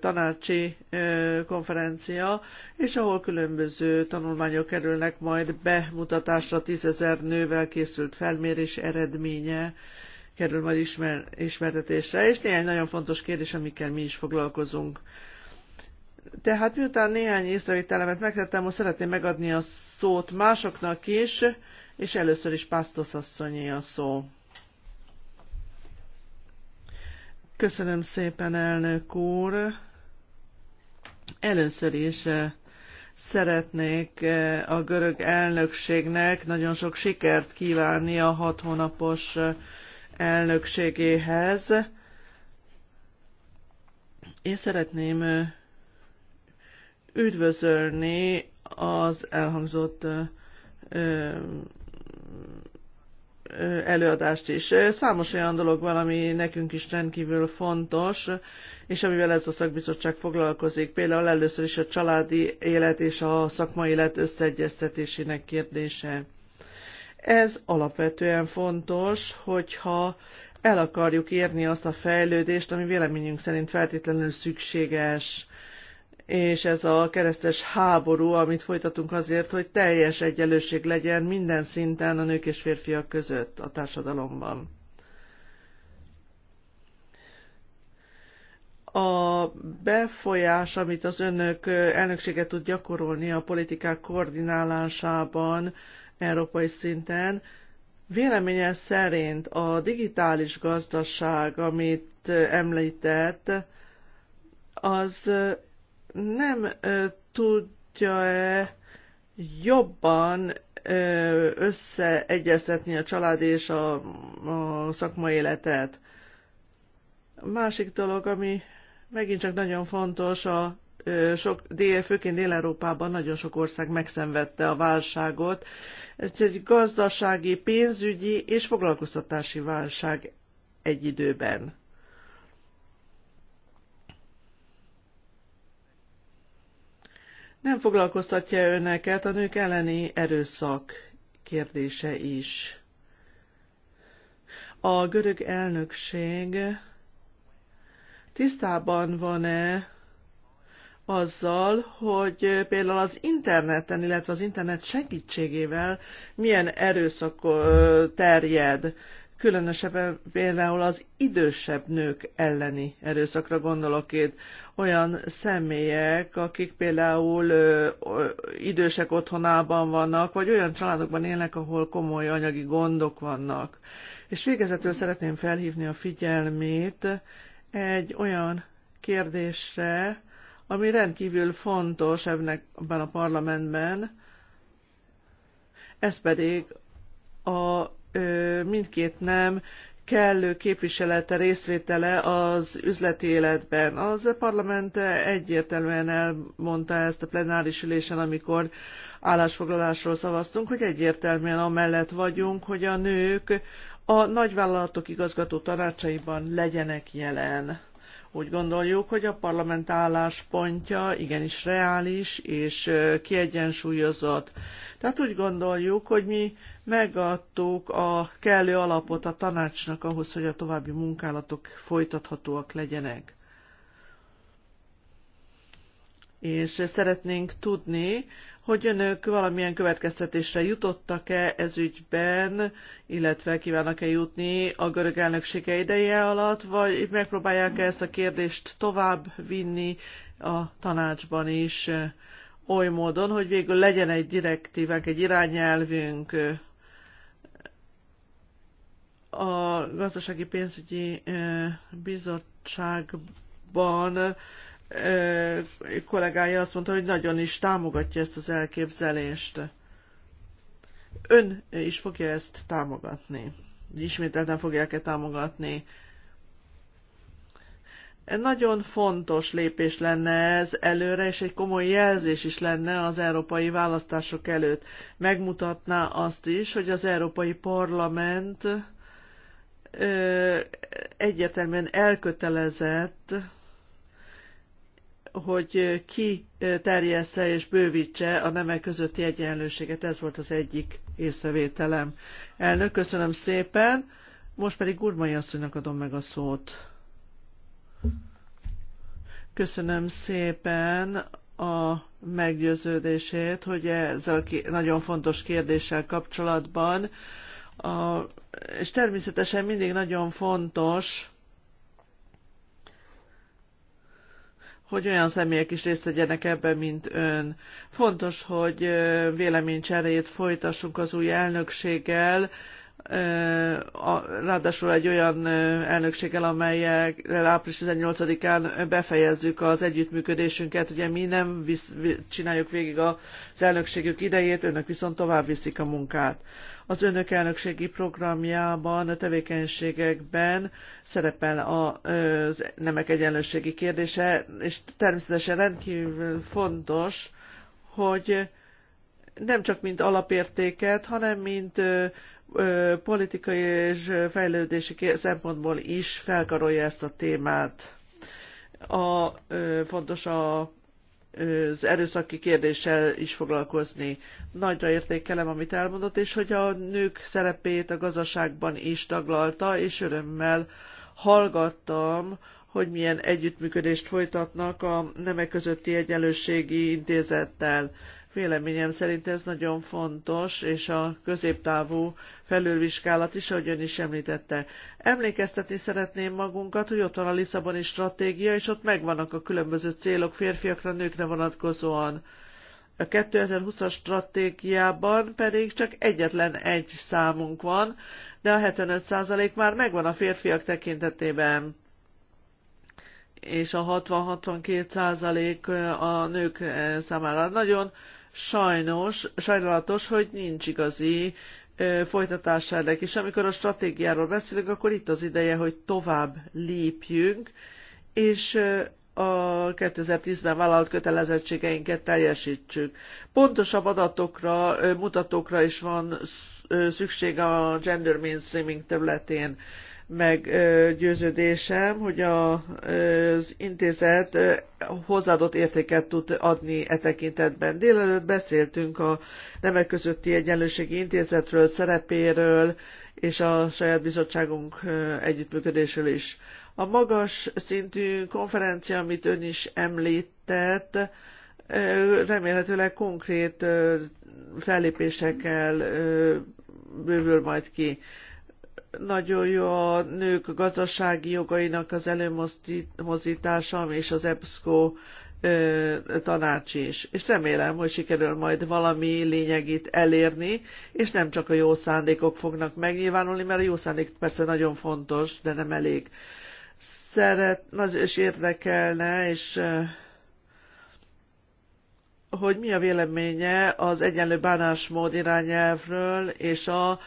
tanácsi konferencia, és ahol különböző tanulmányok kerülnek majd bemutatásra, tízezer nővel készült felmérés eredménye kerül majd ismer, ismertetésre, és néhány nagyon fontos kérdés, amikkel mi is foglalkozunk. Tehát miután néhány észrevételemet megtettem, most szeretném megadni a szót másoknak is, és először is Pásztos asszonyé a szó. Köszönöm szépen, elnök úr. Először is eh, szeretnék eh, a görög elnökségnek nagyon sok sikert kívánni a hat hónapos eh, elnökségéhez. Én szeretném üdvözölni az elhangzott előadást is. Számos olyan dolog van, ami nekünk is rendkívül fontos, és amivel ez a szakbizottság foglalkozik. Például először is a családi élet és a szakmai élet összeegyeztetésének kérdése. Ez alapvetően fontos, hogyha el akarjuk érni azt a fejlődést, ami véleményünk szerint feltétlenül szükséges és ez a keresztes háború, amit folytatunk azért, hogy teljes egyenlőség legyen minden szinten a nők és férfiak között a társadalomban. a befolyás, amit az önök elnöksége tud gyakorolni a politikák koordinálásában európai szinten, véleménye szerint a digitális gazdaság, amit említett, az nem tudja-e jobban összeegyeztetni a család és a, a szakmai életet. A másik dolog, ami megint csak nagyon fontos, a sok, dél, főként Dél-Európában nagyon sok ország megszenvedte a válságot. Ez egy gazdasági, pénzügyi és foglalkoztatási válság egy időben. Nem foglalkoztatja önöket a nők elleni erőszak kérdése is. A görög elnökség tisztában van-e azzal, hogy például az interneten, illetve az internet segítségével milyen erőszak terjed különösebben például az idősebb nők elleni erőszakra gondolok itt. Olyan személyek, akik például ö, ö, idősek otthonában vannak, vagy olyan családokban élnek, ahol komoly anyagi gondok vannak. És végezetül szeretném felhívni a figyelmét egy olyan kérdésre, ami rendkívül fontos ebben a parlamentben, ez pedig a mindkét nem kellő képviselete, részvétele az üzleti életben. Az parlament egyértelműen elmondta ezt a plenáris ülésen, amikor állásfoglalásról szavaztunk, hogy egyértelműen amellett vagyunk, hogy a nők a nagyvállalatok igazgató tanácsaiban legyenek jelen. Úgy gondoljuk, hogy a parlament álláspontja igenis reális és kiegyensúlyozott. Tehát úgy gondoljuk, hogy mi megadtuk a kellő alapot a tanácsnak ahhoz, hogy a további munkálatok folytathatóak legyenek. És szeretnénk tudni, hogy önök valamilyen következtetésre jutottak-e ez ügyben, illetve kívánnak-e jutni a görög elnöksége ideje alatt, vagy megpróbálják-e ezt a kérdést tovább vinni a tanácsban is oly módon, hogy végül legyen egy direktívek, egy irányelvünk a gazdasági pénzügyi bizottságban kollégája azt mondta, hogy nagyon is támogatja ezt az elképzelést. Ön is fogja ezt támogatni. Ismételten fogják-e támogatni? Nagyon fontos lépés lenne ez előre, és egy komoly jelzés is lenne az európai választások előtt. Megmutatná azt is, hogy az Európai Parlament egyértelműen elkötelezett, hogy ki terjessze és bővítse a nemek közötti egyenlőséget. Ez volt az egyik észrevételem. Elnök, köszönöm szépen. Most pedig Gurmai asszonynak adom meg a szót. Köszönöm szépen a meggyőződését, hogy ezzel a nagyon fontos kérdéssel kapcsolatban, a, és természetesen mindig nagyon fontos, hogy olyan személyek is részt vegyenek ebben, mint ön. Fontos, hogy véleménycserét folytassunk az új elnökséggel, ráadásul egy olyan elnökséggel, amelyel április 18-án befejezzük az együttműködésünket. Ugye mi nem visz, csináljuk végig az elnökségük idejét, önök viszont tovább viszik a munkát. Az önök elnökségi programjában, a tevékenységekben szerepel a az nemek egyenlőségi kérdése, és természetesen rendkívül fontos, hogy nem csak mint alapértéket, hanem mint politikai és fejlődési szempontból is felkarolja ezt a témát. A, fontos a az erőszaki kérdéssel is foglalkozni. Nagyra értékelem, amit elmondott, és hogy a nők szerepét a gazdaságban is taglalta, és örömmel hallgattam, hogy milyen együttműködést folytatnak a nemek közötti egyenlőségi intézettel. Véleményem szerint ez nagyon fontos, és a középtávú felülvizsgálat is, ahogy ön is említette. Emlékeztetni szeretném magunkat, hogy ott van a Lisszaboni stratégia, és ott megvannak a különböző célok férfiakra, nőkre vonatkozóan. A 2020-as stratégiában pedig csak egyetlen egy számunk van, de a 75% már megvan a férfiak tekintetében és a 60-62 százalék a nők számára. Nagyon Sajnos, sajnálatos, hogy nincs igazi folytatása ennek, és amikor a stratégiáról beszélünk, akkor itt az ideje, hogy tovább lépjünk, és a 2010-ben vállalt kötelezettségeinket teljesítsük. Pontosabb adatokra, mutatókra is van szükség a gender mainstreaming területén meggyőződésem, hogy az intézet hozzáadott értéket tud adni e tekintetben. Délelőtt beszéltünk a Nemek közötti Egyenlőségi Intézetről, szerepéről és a saját bizottságunk együttműködésről is. A magas szintű konferencia, amit ön is említett, remélhetőleg konkrét fellépésekkel bővül majd ki nagyon jó a nők gazdasági jogainak az előmozdítása, és az EBSCO tanács is. És remélem, hogy sikerül majd valami lényegét elérni, és nem csak a jó szándékok fognak megnyilvánulni, mert a jó szándék persze nagyon fontos, de nem elég. Szeret, az és érdekelne, és hogy mi a véleménye az egyenlő bánásmód irányelvről és a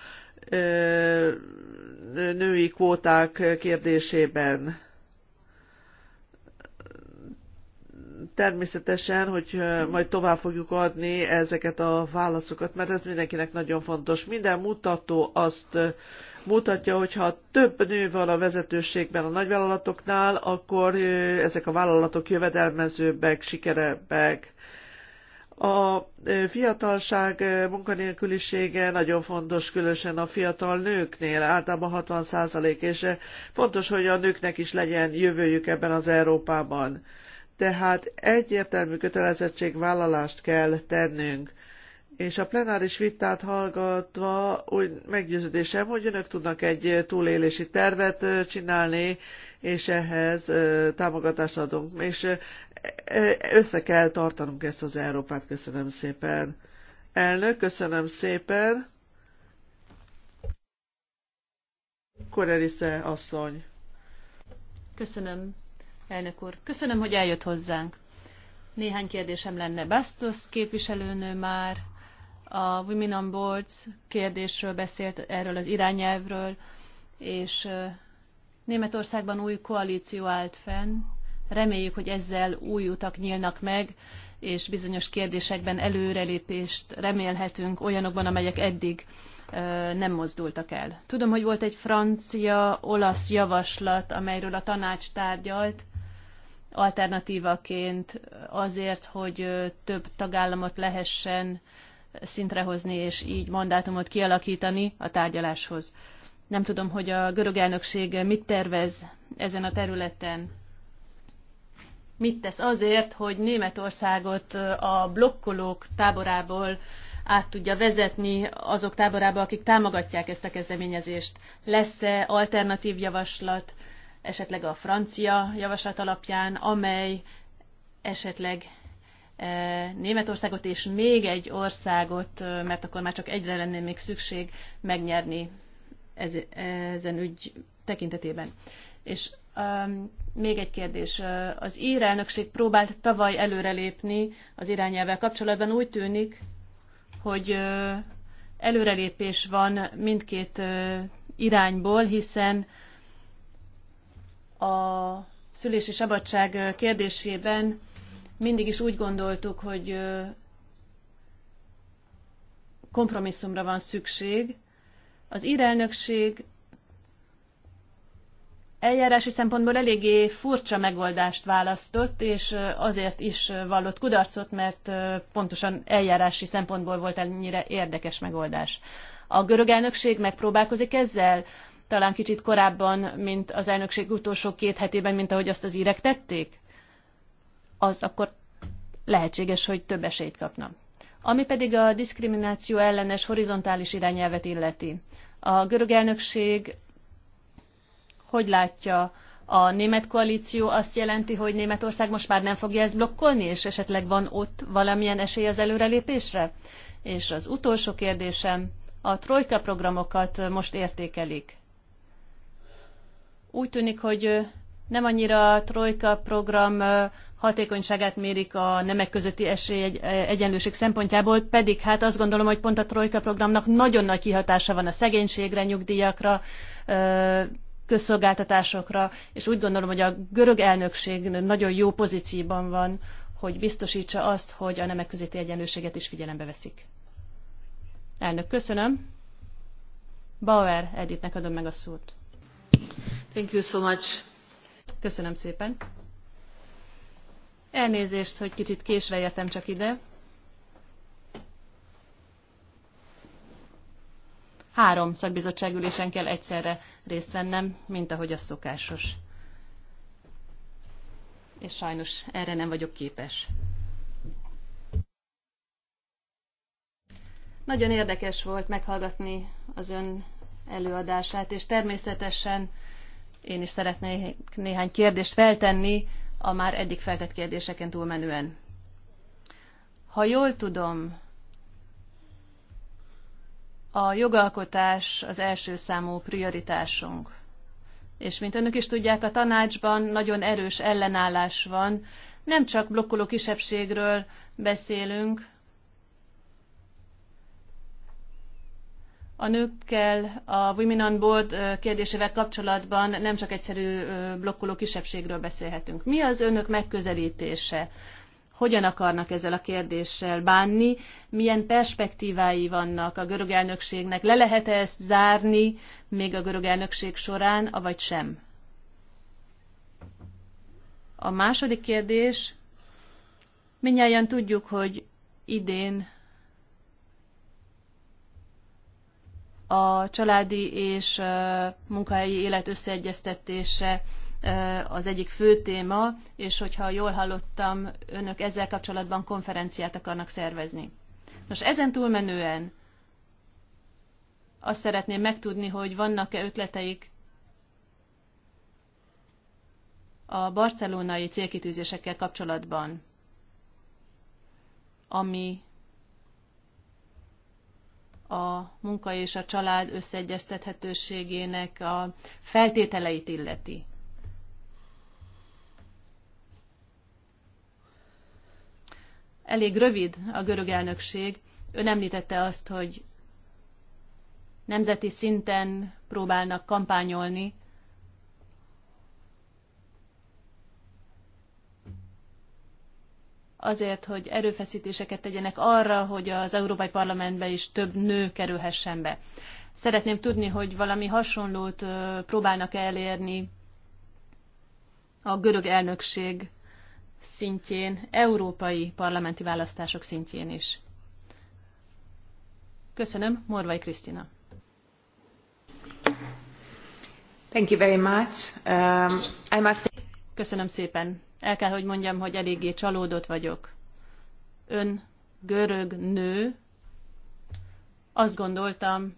női kvóták kérdésében. Természetesen, hogy majd tovább fogjuk adni ezeket a válaszokat, mert ez mindenkinek nagyon fontos. Minden mutató azt mutatja, hogy ha több nő van a vezetőségben a nagyvállalatoknál, akkor ezek a vállalatok jövedelmezőbbek, sikerebbek a fiatalság munkanélkülisége nagyon fontos, különösen a fiatal nőknél, általában 60 százalék, és fontos, hogy a nőknek is legyen jövőjük ebben az Európában. Tehát egyértelmű kötelezettségvállalást kell tennünk. És a plenáris vitát hallgatva úgy meggyőződésem, hogy önök tudnak egy túlélési tervet csinálni, és ehhez támogatást adunk. És össze kell tartanunk ezt az Európát. Köszönöm szépen. Elnök, köszönöm szépen. Korelisze asszony. Köszönöm, elnök úr. Köszönöm, hogy eljött hozzánk. Néhány kérdésem lenne. Bastos képviselőnő már a Women on Boards kérdésről beszélt, erről az irányelvről, és Németországban új koalíció állt fenn, reméljük, hogy ezzel új utak nyílnak meg, és bizonyos kérdésekben előrelépést remélhetünk olyanokban, amelyek eddig nem mozdultak el. Tudom, hogy volt egy francia-olasz javaslat, amelyről a tanács tárgyalt, alternatívaként azért, hogy több tagállamot lehessen szintre hozni, és így mandátumot kialakítani a tárgyaláshoz. Nem tudom, hogy a görög elnökség mit tervez ezen a területen. Mit tesz azért, hogy Németországot a blokkolók táborából át tudja vezetni azok táborába, akik támogatják ezt a kezdeményezést? Lesz-e alternatív javaslat, esetleg a francia javaslat alapján, amely esetleg e, Németországot és még egy országot, e, mert akkor már csak egyre lenne még szükség megnyerni ez, ezen ügy tekintetében. És um, még egy kérdés. Az ír elnökség próbált tavaly előrelépni az irányelvvel kapcsolatban. Úgy tűnik, hogy előrelépés van mindkét irányból, hiszen a szülési szabadság kérdésében mindig is úgy gondoltuk, hogy kompromisszumra van szükség, az írelnökség eljárási szempontból eléggé furcsa megoldást választott, és azért is vallott kudarcot, mert pontosan eljárási szempontból volt ennyire érdekes megoldás. A görög elnökség megpróbálkozik ezzel, talán kicsit korábban, mint az elnökség utolsó két hetében, mint ahogy azt az írek tették? Az akkor lehetséges, hogy több esélyt kapnak. Ami pedig a diszkrimináció ellenes horizontális irányelvet illeti. A görög elnökség hogy látja a német koalíció azt jelenti, hogy Németország most már nem fogja ezt blokkolni, és esetleg van ott valamilyen esély az előrelépésre? És az utolsó kérdésem, a trojka programokat most értékelik. Úgy tűnik, hogy nem annyira a trojka program hatékonyságát mérik a nemek közötti esély e, egyenlőség szempontjából, pedig hát azt gondolom, hogy pont a Trojka programnak nagyon nagy kihatása van a szegénységre, nyugdíjakra, közszolgáltatásokra, és úgy gondolom, hogy a görög elnökség nagyon jó pozícióban van, hogy biztosítsa azt, hogy a nemek közötti egyenlőséget is figyelembe veszik. Elnök, köszönöm. Bauer Editnek adom meg a szót. Thank you so much. Köszönöm szépen. Elnézést, hogy kicsit késve értem csak ide. Három szakbizottságülésen kell egyszerre részt vennem, mint ahogy az szokásos. És sajnos erre nem vagyok képes. Nagyon érdekes volt meghallgatni az ön előadását, és természetesen én is szeretnék néhány kérdést feltenni, a már eddig feltett kérdéseken túlmenően. Ha jól tudom, a jogalkotás az első számú prioritásunk. És mint önök is tudják, a tanácsban nagyon erős ellenállás van. Nem csak blokkoló kisebbségről beszélünk, a nőkkel a Women on Board kérdésével kapcsolatban nem csak egyszerű blokkoló kisebbségről beszélhetünk. Mi az önök megközelítése? Hogyan akarnak ezzel a kérdéssel bánni? Milyen perspektívái vannak a görög elnökségnek? Le lehet -e ezt zárni még a görög elnökség során, avagy sem? A második kérdés. Mindjárt tudjuk, hogy idén a családi és munkahelyi élet összeegyeztetése az egyik fő téma, és hogyha jól hallottam, önök ezzel kapcsolatban konferenciát akarnak szervezni. Nos, ezen túlmenően azt szeretném megtudni, hogy vannak-e ötleteik a barcelonai célkitűzésekkel kapcsolatban, ami a munka és a család összeegyeztethetőségének a feltételeit illeti. Elég rövid a görög elnökség. Ön említette azt, hogy nemzeti szinten próbálnak kampányolni azért, hogy erőfeszítéseket tegyenek arra, hogy az Európai Parlamentbe is több nő kerülhessen be. Szeretném tudni, hogy valami hasonlót próbálnak elérni a görög elnökség szintjén, európai parlamenti választások szintjén is. Köszönöm, Morvai Krisztina. Thank you very much. Um, I must... Köszönöm szépen. El kell, hogy mondjam, hogy eléggé csalódott vagyok. Ön görög nő, azt gondoltam,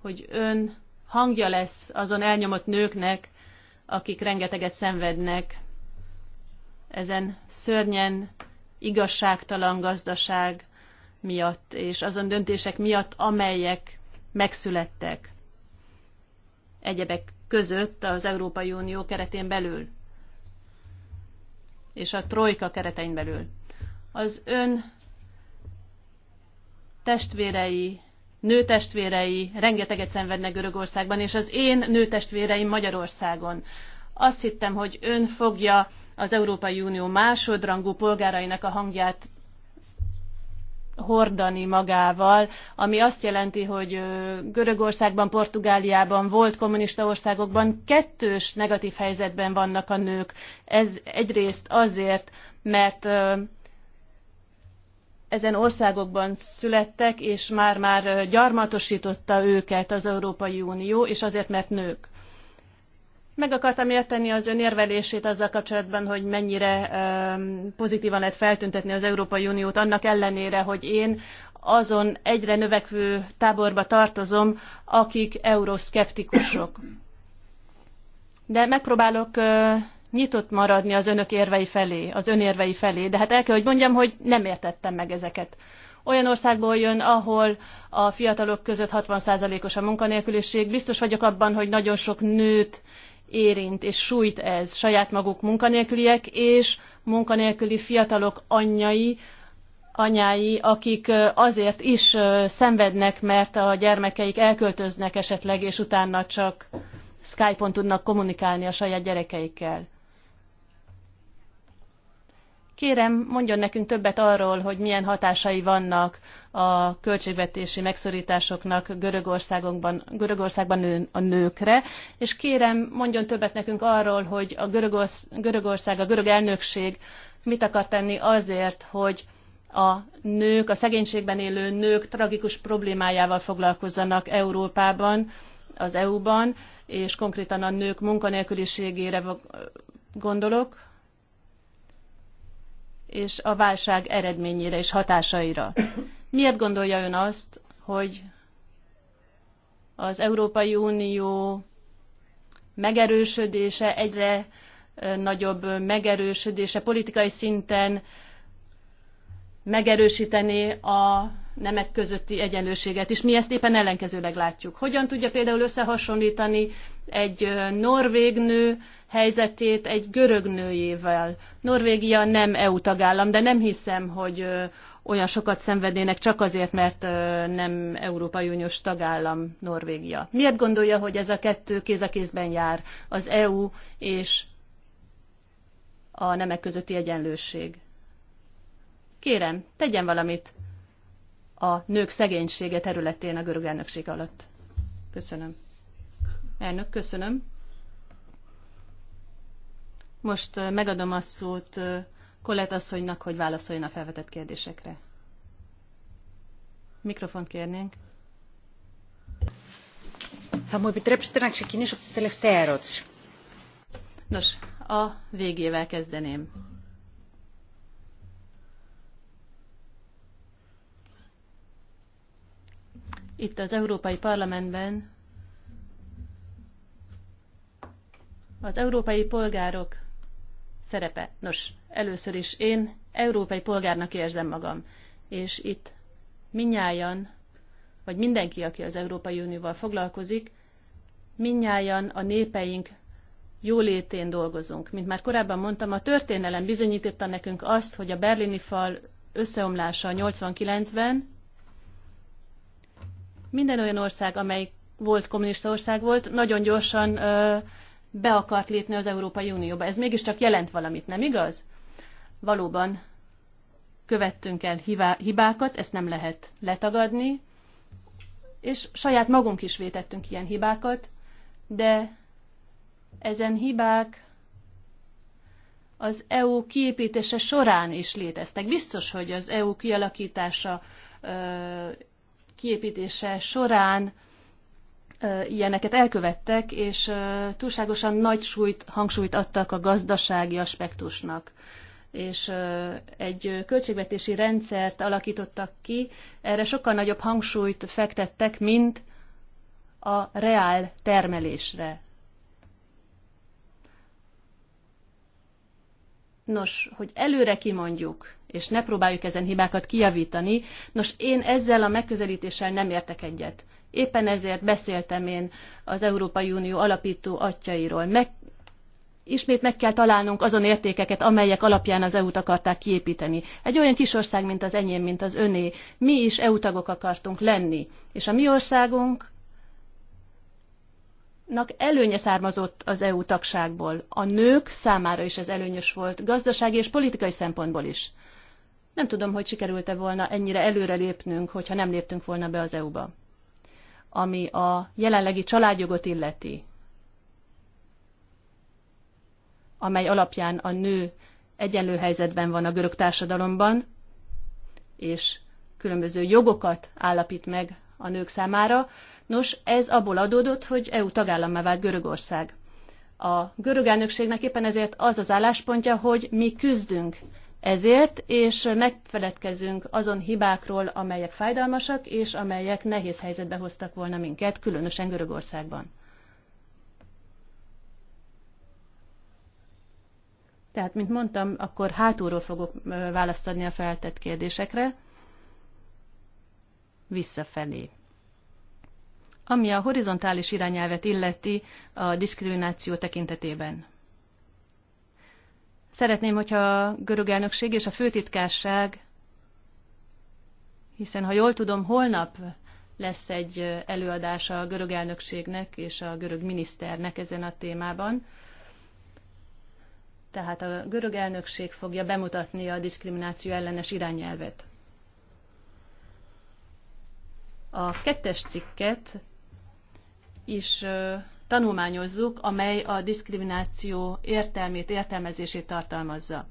hogy ön hangja lesz azon elnyomott nőknek, akik rengeteget szenvednek ezen szörnyen igazságtalan gazdaság miatt, és azon döntések miatt, amelyek megszülettek egyebek között az Európai Unió keretén belül és a trojka keretein belül. Az ön testvérei, nőtestvérei rengeteget szenvednek Görögországban, és az én nőtestvéreim Magyarországon. Azt hittem, hogy ön fogja az Európai Unió másodrangú polgárainak a hangját hordani magával, ami azt jelenti, hogy Görögországban, Portugáliában, volt kommunista országokban kettős negatív helyzetben vannak a nők. Ez egyrészt azért, mert ezen országokban születtek, és már-már gyarmatosította őket az Európai Unió, és azért, mert nők. Meg akartam érteni az ön érvelését azzal kapcsolatban, hogy mennyire ehm, pozitívan lehet feltüntetni az Európai Uniót, annak ellenére, hogy én azon egyre növekvő táborba tartozom, akik euroszkeptikusok. De megpróbálok nyitott maradni az önök érvei felé, az önérvei felé, de hát el kell, hogy mondjam, hogy nem értettem meg ezeket. Olyan országból jön, ahol a fiatalok között 60%-os a munkanélküliség. Biztos vagyok abban, hogy nagyon sok nőt érint és sújt ez saját maguk munkanélküliek és munkanélküli fiatalok anyjai, anyái, akik azért is szenvednek, mert a gyermekeik elköltöznek esetleg, és utána csak Skype-on tudnak kommunikálni a saját gyerekeikkel. Kérem, mondjon nekünk többet arról, hogy milyen hatásai vannak a költségvetési megszorításoknak Görögországban, Görögországban a nőkre, és kérem, mondjon többet nekünk arról, hogy a Görögorsz, Görögország, a görög elnökség mit akar tenni azért, hogy a nők, a szegénységben élő nők tragikus problémájával foglalkozzanak Európában, az EU-ban, és konkrétan a nők munkanélküliségére gondolok, és a válság eredményére és hatásaira. Miért gondolja ön azt, hogy az Európai Unió megerősödése, egyre nagyobb megerősödése politikai szinten megerősíteni a nemek közötti egyenlőséget És Mi ezt éppen ellenkezőleg látjuk. Hogyan tudja például összehasonlítani egy norvég nő helyzetét egy görög nőjével? Norvégia nem EU tagállam, de nem hiszem, hogy olyan sokat szenvednének csak azért, mert nem Európai Uniós tagállam Norvégia. Miért gondolja, hogy ez a kettő kéz a kézben jár, az EU és a nemek közötti egyenlőség? Kérem, tegyen valamit a nők szegénysége területén a görög elnökség alatt. Köszönöm. Elnök, köszönöm. Most megadom a szót Kolett asszonynak, hogy válaszoljon a felvetett kérdésekre. Mikrofon kérnénk. Θα μου επιτρέψετε να ξεκινήσω τη τελευταία ερώτηση. Nos, a végével kezdeném. Itt az Európai Parlamentben az európai polgárok szerepe. Nos, először is én európai polgárnak érzem magam, és itt minnyáján, vagy mindenki, aki az Európai Unióval foglalkozik, minnyáján a népeink jólétén dolgozunk. Mint már korábban mondtam, a történelem bizonyította nekünk azt, hogy a berlini fal összeomlása 89-ben minden olyan ország, amely volt kommunista ország volt, nagyon gyorsan uh, be akart lépni az Európai Unióba. Ez mégiscsak jelent valamit, nem igaz? Valóban követtünk el hibákat, ezt nem lehet letagadni, és saját magunk is vétettünk ilyen hibákat, de ezen hibák az EU kiépítése során is léteztek. Biztos, hogy az EU kialakítása, kiépítése során ilyeneket elkövettek, és túlságosan nagy súlyt, hangsúlyt adtak a gazdasági aspektusnak. És egy költségvetési rendszert alakítottak ki, erre sokkal nagyobb hangsúlyt fektettek, mint a reál termelésre, Nos, hogy előre kimondjuk, és ne próbáljuk ezen hibákat kijavítani, nos, én ezzel a megközelítéssel nem értek egyet. Éppen ezért beszéltem én az Európai Unió alapító atyairól. Meg, ismét meg kell találnunk azon értékeket, amelyek alapján az EU-t akarták kiépíteni. Egy olyan kis ország, mint az enyém, mint az öné, mi is EU tagok akartunk lenni. És a mi országunk nak előnye származott az EU tagságból. A nők számára is ez előnyös volt, gazdasági és politikai szempontból is. Nem tudom, hogy sikerült-e volna ennyire előre lépnünk, hogyha nem léptünk volna be az EU-ba. Ami a jelenlegi családjogot illeti, amely alapján a nő egyenlő helyzetben van a görög társadalomban, és különböző jogokat állapít meg a nők számára. Nos, ez abból adódott, hogy EU tagállammá vált Görögország. A görög elnökségnek éppen ezért az az álláspontja, hogy mi küzdünk ezért, és megfeledkezünk azon hibákról, amelyek fájdalmasak, és amelyek nehéz helyzetbe hoztak volna minket, különösen Görögországban. Tehát, mint mondtam, akkor hátulról fogok választani a feltett kérdésekre visszafelé. Ami a horizontális irányelvet illeti a diszkrimináció tekintetében. Szeretném, hogyha a görög elnökség és a főtitkárság, hiszen ha jól tudom, holnap lesz egy előadása a görög elnökségnek és a görög miniszternek ezen a témában. Tehát a görög elnökség fogja bemutatni a diszkrimináció ellenes irányelvet a kettes cikket is tanulmányozzuk, amely a diszkrimináció értelmét, értelmezését tartalmazza.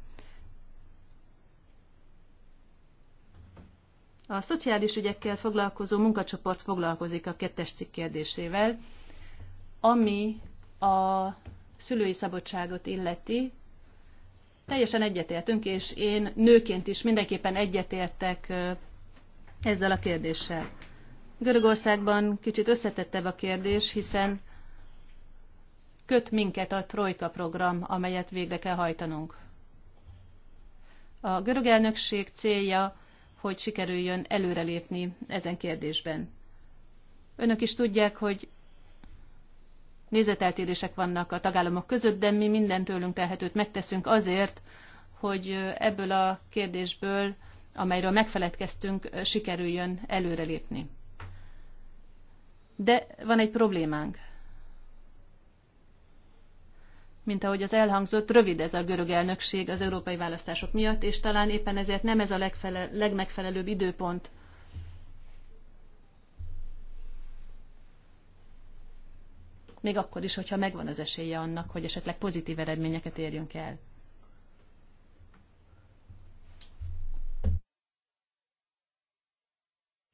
A szociális ügyekkel foglalkozó munkacsoport foglalkozik a kettes cikk kérdésével, ami a szülői szabadságot illeti. Teljesen egyetértünk, és én nőként is mindenképpen egyetértek ezzel a kérdéssel. Görögországban kicsit összetettebb a kérdés, hiszen köt minket a Trojka program, amelyet végre kell hajtanunk. A görög elnökség célja, hogy sikerüljön előrelépni ezen kérdésben. Önök is tudják, hogy nézeteltérések vannak a tagállamok között, de mi mindent tőlünk telhetőt megteszünk azért, hogy ebből a kérdésből, amelyről megfeledkeztünk, sikerüljön előrelépni. De van egy problémánk. Mint ahogy az elhangzott, rövid ez a görög elnökség az európai választások miatt, és talán éppen ezért nem ez a legfele, legmegfelelőbb időpont még akkor is, hogyha megvan az esélye annak, hogy esetleg pozitív eredményeket érjünk el.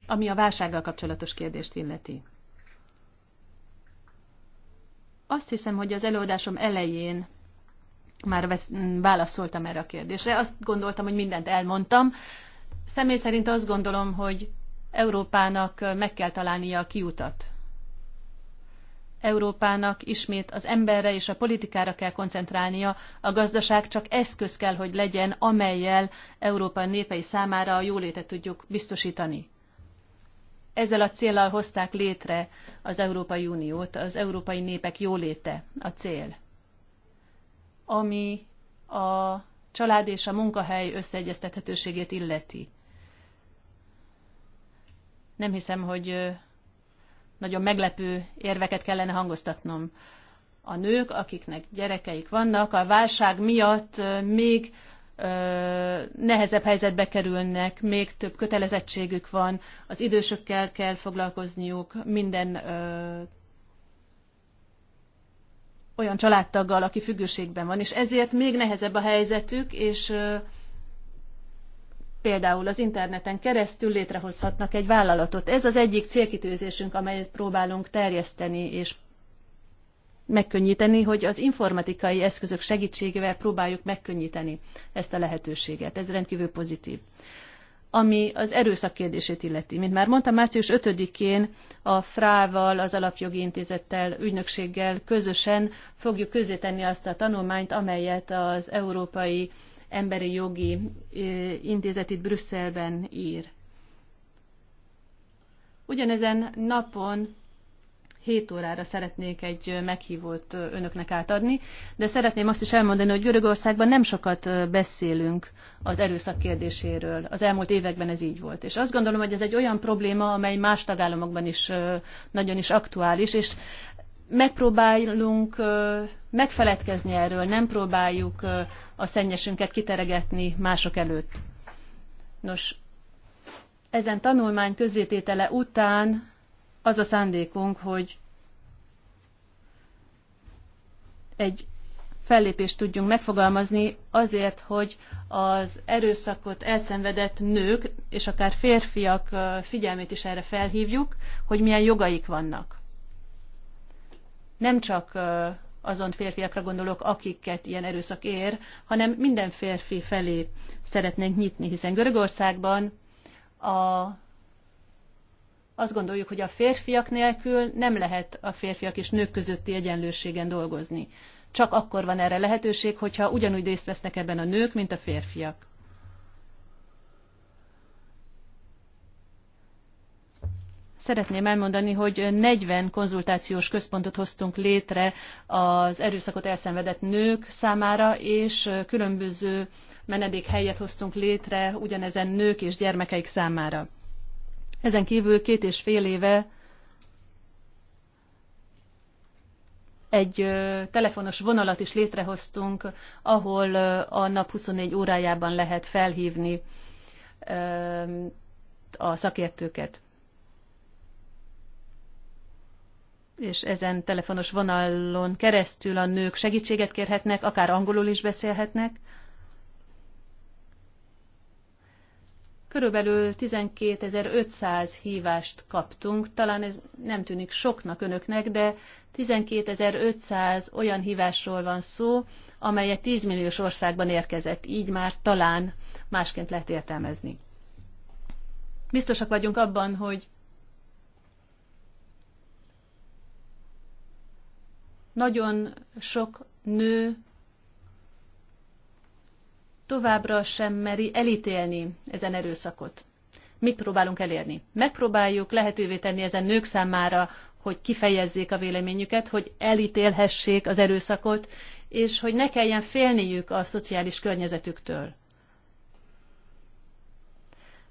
Ami a válsággal kapcsolatos kérdést illeti. Azt hiszem, hogy az előadásom elején már vesz, válaszoltam erre a kérdésre. Azt gondoltam, hogy mindent elmondtam. Személy szerint azt gondolom, hogy Európának meg kell találnia a kiutat. Európának ismét az emberre és a politikára kell koncentrálnia, a gazdaság csak eszköz kell, hogy legyen, amelyel Európa népei számára a jólétet tudjuk biztosítani ezzel a célral hozták létre az Európai Uniót, az európai népek jóléte a cél, ami a család és a munkahely összeegyeztethetőségét illeti. Nem hiszem, hogy nagyon meglepő érveket kellene hangoztatnom. A nők, akiknek gyerekeik vannak, a válság miatt még nehezebb helyzetbe kerülnek, még több kötelezettségük van, az idősökkel kell foglalkozniuk, minden ö, olyan családtaggal, aki függőségben van, és ezért még nehezebb a helyzetük, és ö, például az interneten keresztül létrehozhatnak egy vállalatot. Ez az egyik célkitűzésünk, amelyet próbálunk terjeszteni és megkönnyíteni, hogy az informatikai eszközök segítségével próbáljuk megkönnyíteni ezt a lehetőséget. Ez rendkívül pozitív. Ami az erőszak kérdését illeti. Mint már mondtam, március 5-én a Frával, az Alapjogi Intézettel, ügynökséggel közösen fogjuk közzétenni azt a tanulmányt, amelyet az Európai Emberi Jogi Intézet itt Brüsszelben ír. Ugyanezen napon 7 órára szeretnék egy meghívót önöknek átadni, de szeretném azt is elmondani, hogy Görögországban nem sokat beszélünk az erőszak kérdéséről. Az elmúlt években ez így volt. És azt gondolom, hogy ez egy olyan probléma, amely más tagállamokban is nagyon is aktuális, és megpróbálunk megfeledkezni erről, nem próbáljuk a szennyesünket kiteregetni mások előtt. Nos, ezen tanulmány közzététele után az a szándékunk, hogy egy fellépést tudjunk megfogalmazni azért, hogy az erőszakot elszenvedett nők és akár férfiak figyelmét is erre felhívjuk, hogy milyen jogaik vannak. Nem csak azon férfiakra gondolok, akiket ilyen erőszak ér, hanem minden férfi felé szeretnénk nyitni, hiszen Görögországban a azt gondoljuk, hogy a férfiak nélkül nem lehet a férfiak és nők közötti egyenlőségen dolgozni. Csak akkor van erre lehetőség, hogyha ugyanúgy részt vesznek ebben a nők, mint a férfiak. Szeretném elmondani, hogy 40 konzultációs központot hoztunk létre az erőszakot elszenvedett nők számára, és különböző menedékhelyet hoztunk létre ugyanezen nők és gyermekeik számára. Ezen kívül két és fél éve egy telefonos vonalat is létrehoztunk, ahol a nap 24 órájában lehet felhívni a szakértőket. És ezen telefonos vonalon keresztül a nők segítséget kérhetnek, akár angolul is beszélhetnek, Körülbelül 12.500 hívást kaptunk, talán ez nem tűnik soknak önöknek, de 12.500 olyan hívásról van szó, amelyet 10 milliós országban érkezett, így már talán másként lehet értelmezni. Biztosak vagyunk abban, hogy nagyon sok nő továbbra sem meri elítélni ezen erőszakot. Mit próbálunk elérni? Megpróbáljuk lehetővé tenni ezen nők számára, hogy kifejezzék a véleményüket, hogy elítélhessék az erőszakot, és hogy ne kelljen félniük a szociális környezetüktől.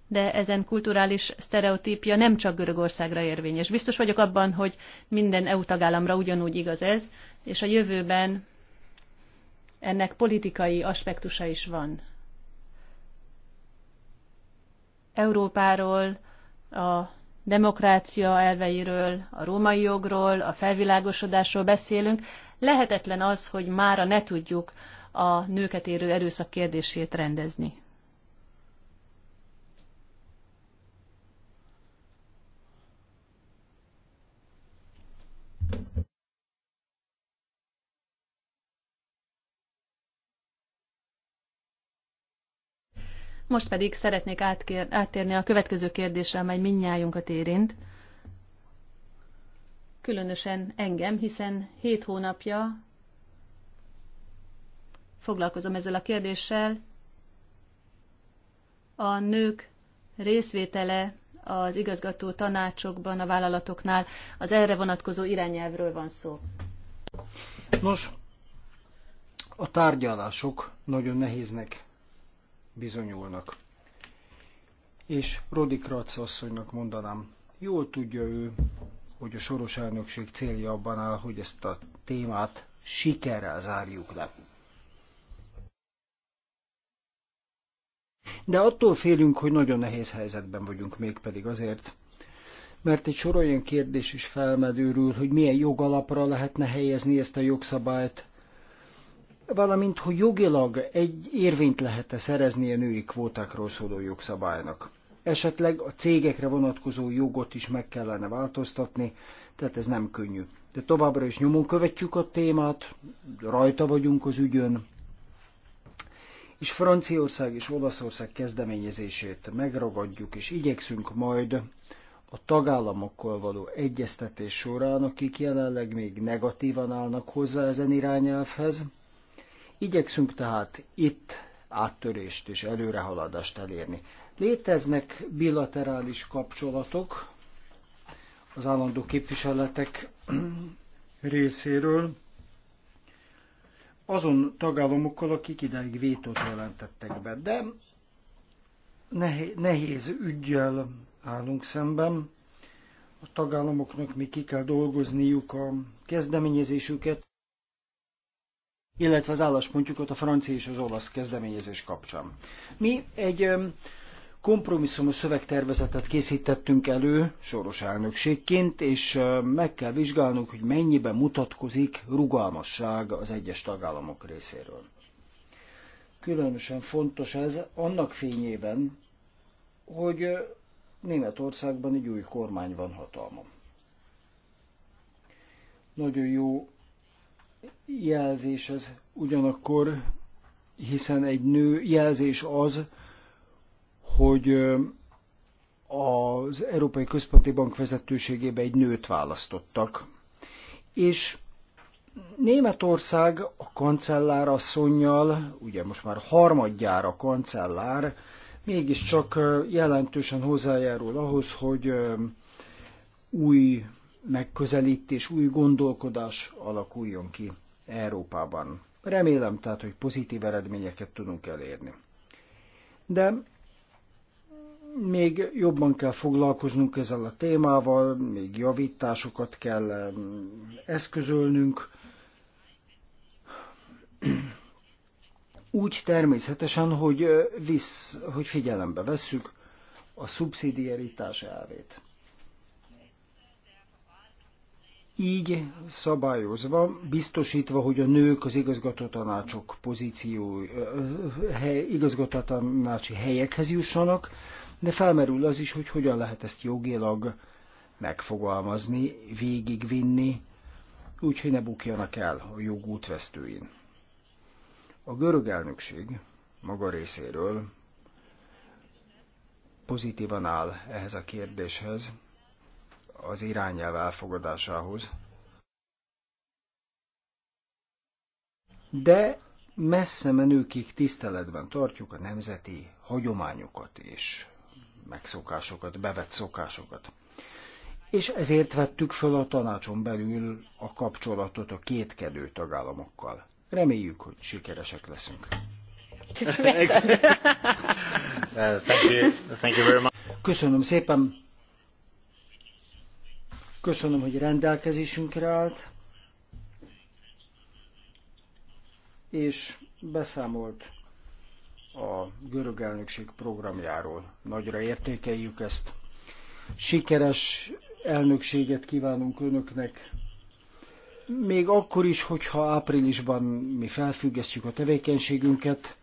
De ezen kulturális sztereotípia nem csak Görögországra érvényes. Biztos vagyok abban, hogy minden EU tagállamra ugyanúgy igaz ez, és a jövőben ennek politikai aspektusa is van. Európáról, a demokrácia elveiről, a római jogról, a felvilágosodásról beszélünk. Lehetetlen az, hogy mára ne tudjuk a nőket érő erőszak kérdését rendezni. Most pedig szeretnék átkér, áttérni a következő kérdésre, amely mindnyájunkat érint. Különösen engem, hiszen hét hónapja foglalkozom ezzel a kérdéssel. A nők részvétele az igazgató tanácsokban, a vállalatoknál az erre vonatkozó irányelvről van szó. Nos, a tárgyalások nagyon nehéznek bizonyulnak. És Rodi Kratz asszonynak mondanám, jól tudja ő, hogy a soros elnökség célja abban áll, hogy ezt a témát sikerrel zárjuk le. De attól félünk, hogy nagyon nehéz helyzetben vagyunk, mégpedig azért, mert egy sor olyan kérdés is felmedőrül, hogy milyen jogalapra lehetne helyezni ezt a jogszabályt, valamint hogy jogilag egy érvényt lehet-e szerezni a női kvótákról szóló jogszabálynak. Esetleg a cégekre vonatkozó jogot is meg kellene változtatni, tehát ez nem könnyű. De továbbra is nyomon követjük a témát, rajta vagyunk az ügyön, és Franciaország és Olaszország kezdeményezését megragadjuk, és igyekszünk majd a tagállamokkal való egyeztetés során, akik jelenleg még negatívan állnak hozzá ezen irányelvhez, Igyekszünk tehát itt áttörést és előrehaladást elérni. Léteznek bilaterális kapcsolatok az állandó képviseletek részéről azon tagállamokkal, akik ideig vétót jelentettek be. De nehéz ügyjel állunk szemben. A tagállamoknak mi ki kell dolgozniuk a kezdeményezésüket, illetve az álláspontjukat a francia és az olasz kezdeményezés kapcsán. Mi egy kompromisszumos szövegtervezetet készítettünk elő soros elnökségként, és meg kell vizsgálnunk, hogy mennyiben mutatkozik rugalmasság az egyes tagállamok részéről. Különösen fontos ez annak fényében, hogy Németországban egy új kormány van hatalma. Nagyon jó jelzés ez ugyanakkor, hiszen egy nő jelzés az, hogy az Európai Központi Bank vezetőségébe egy nőt választottak. És Németország a kancellár asszonynal, ugye most már harmadjára kancellár, mégiscsak jelentősen hozzájárul ahhoz, hogy új megközelítés, új gondolkodás alakuljon ki Európában. Remélem tehát, hogy pozitív eredményeket tudunk elérni. De még jobban kell foglalkoznunk ezzel a témával, még javításokat kell eszközölnünk. Úgy természetesen, hogy, visz, hogy figyelembe vesszük a szubszidiaritás elvét így szabályozva, biztosítva, hogy a nők az igazgatótanácsok pozíció, eh, hely, igazgatótanácsi helyekhez jussanak, de felmerül az is, hogy hogyan lehet ezt jogilag megfogalmazni, végigvinni, úgyhogy ne bukjanak el a jog útvesztőin. A görög elnökség maga részéről pozitívan áll ehhez a kérdéshez, az irányelv elfogadásához. De messze menőkig tiszteletben tartjuk a nemzeti hagyományokat és megszokásokat, bevett szokásokat. És ezért vettük föl a tanácson belül a kapcsolatot a kétkedő tagállamokkal. Reméljük, hogy sikeresek leszünk. Köszönöm szépen! Köszönöm, hogy rendelkezésünkre állt, és beszámolt a görög elnökség programjáról. Nagyra értékeljük ezt. Sikeres elnökséget kívánunk önöknek, még akkor is, hogyha áprilisban mi felfüggesztjük a tevékenységünket,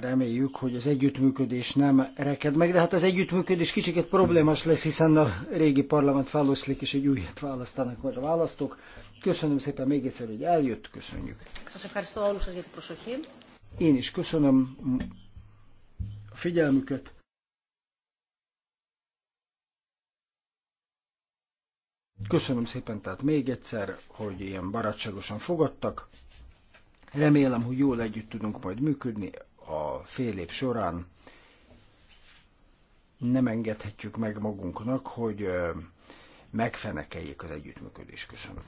reméljük, hogy az együttműködés nem reked meg, de hát az együttműködés kicsiket problémás lesz, hiszen a régi parlament feloszlik, és egy újat választanak majd a választók. Köszönöm szépen még egyszer, hogy eljött, köszönjük. Én is köszönöm a figyelmüket. Köszönöm szépen tehát még egyszer, hogy ilyen barátságosan fogadtak. Remélem, hogy jól együtt tudunk majd működni a fél év során nem engedhetjük meg magunknak, hogy megfenekeljék az együttműködés. Köszönöm.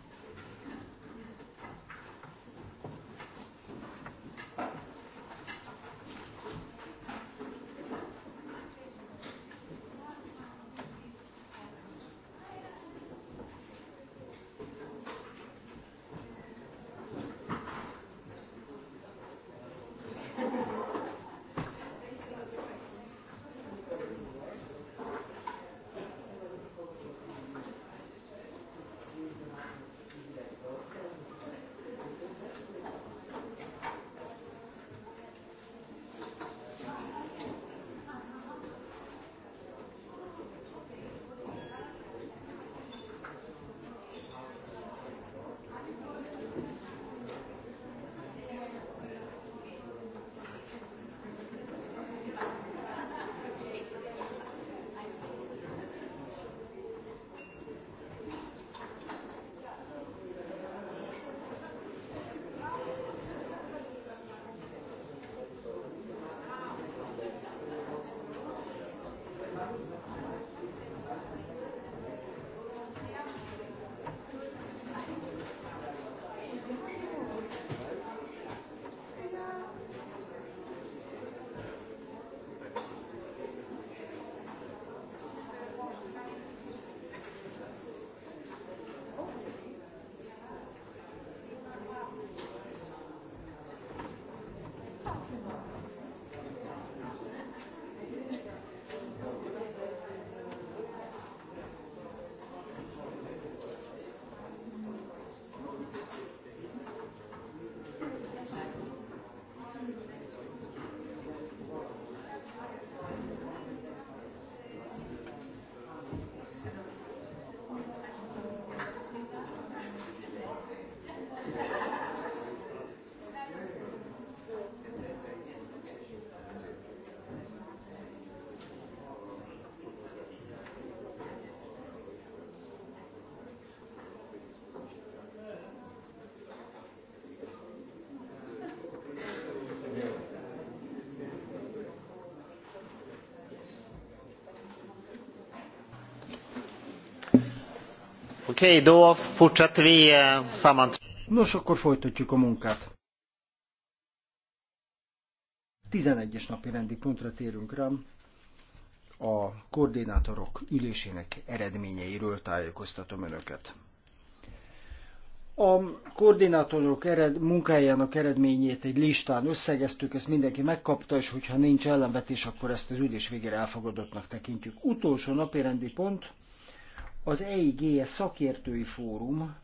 Oké, eh, Nos, akkor folytatjuk a munkát. 11-es napi rendi pontra térünk rá. A koordinátorok ülésének eredményeiről tájékoztatom önöket. A koordinátorok ered, munkájának eredményét egy listán összegeztük, ezt mindenki megkapta, és hogyha nincs ellenvetés, akkor ezt az ülés végére elfogadottnak tekintjük. Utolsó napi rendi pont, az eig szakértői fórum,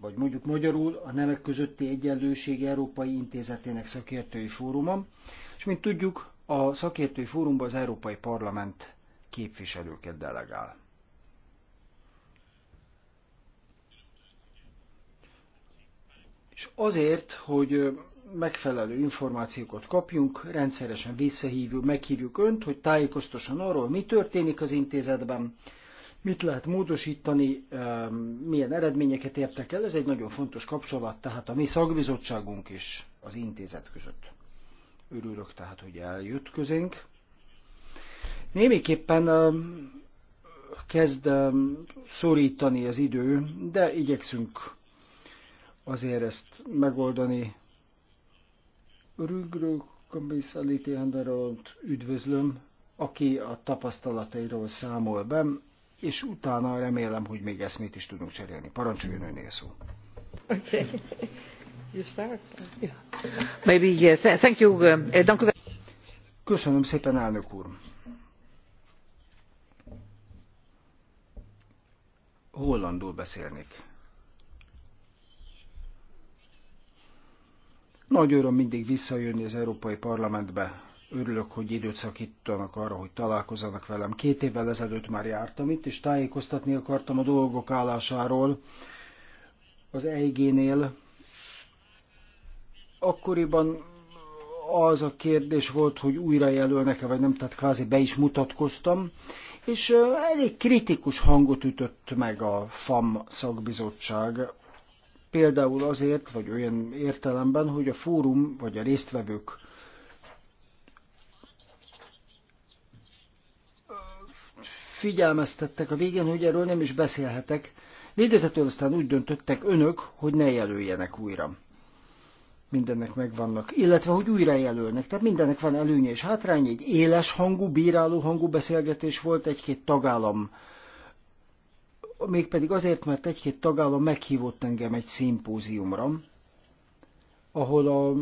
vagy mondjuk magyarul a Nemek közötti Egyenlőség Európai Intézetének szakértői fóruma, és mint tudjuk, a szakértői fórumban az Európai Parlament képviselőket delegál. És azért, hogy megfelelő információkat kapjunk, rendszeresen visszahívjuk, meghívjuk Önt, hogy tájékoztasson arról, mi történik az intézetben, mit lehet módosítani, ehm, milyen eredményeket értek el. Ez egy nagyon fontos kapcsolat, tehát a mi szakbizottságunk is az intézet között. Örülök tehát, hogy eljött közénk. Némiképpen ehm, kezd ehm, szorítani az idő, de igyekszünk azért ezt megoldani. Rügrő Kambis Aliti Anderont üdvözlöm, aki a tapasztalatairól számol be, és utána remélem, hogy még eszmét is tudunk cserélni. Parancsoljon önél szó. Okay. Maybe, yes. Thank you. Uh, eh, Köszönöm szépen, elnök úr. Hollandul beszélnék. Nagy öröm mindig visszajönni az Európai Parlamentbe, örülök, hogy időt szakítanak arra, hogy találkozzanak velem. Két évvel ezelőtt már jártam itt, és tájékoztatni akartam a dolgok állásáról az EIG-nél. Akkoriban az a kérdés volt, hogy újra jelölnek-e, vagy nem, tehát kvázi be is mutatkoztam, és elég kritikus hangot ütött meg a FAM szakbizottság, például azért, vagy olyan értelemben, hogy a fórum, vagy a résztvevők figyelmeztettek a végén, hogy erről nem is beszélhetek. Végezetül aztán úgy döntöttek önök, hogy ne jelöljenek újra. Mindennek megvannak. Illetve, hogy újra jelölnek. Tehát mindennek van előnye és hátránya. Egy éles hangú, bíráló hangú beszélgetés volt egy-két tagállam mégpedig azért, mert egy-két tagállam meghívott engem egy szimpóziumra, ahol a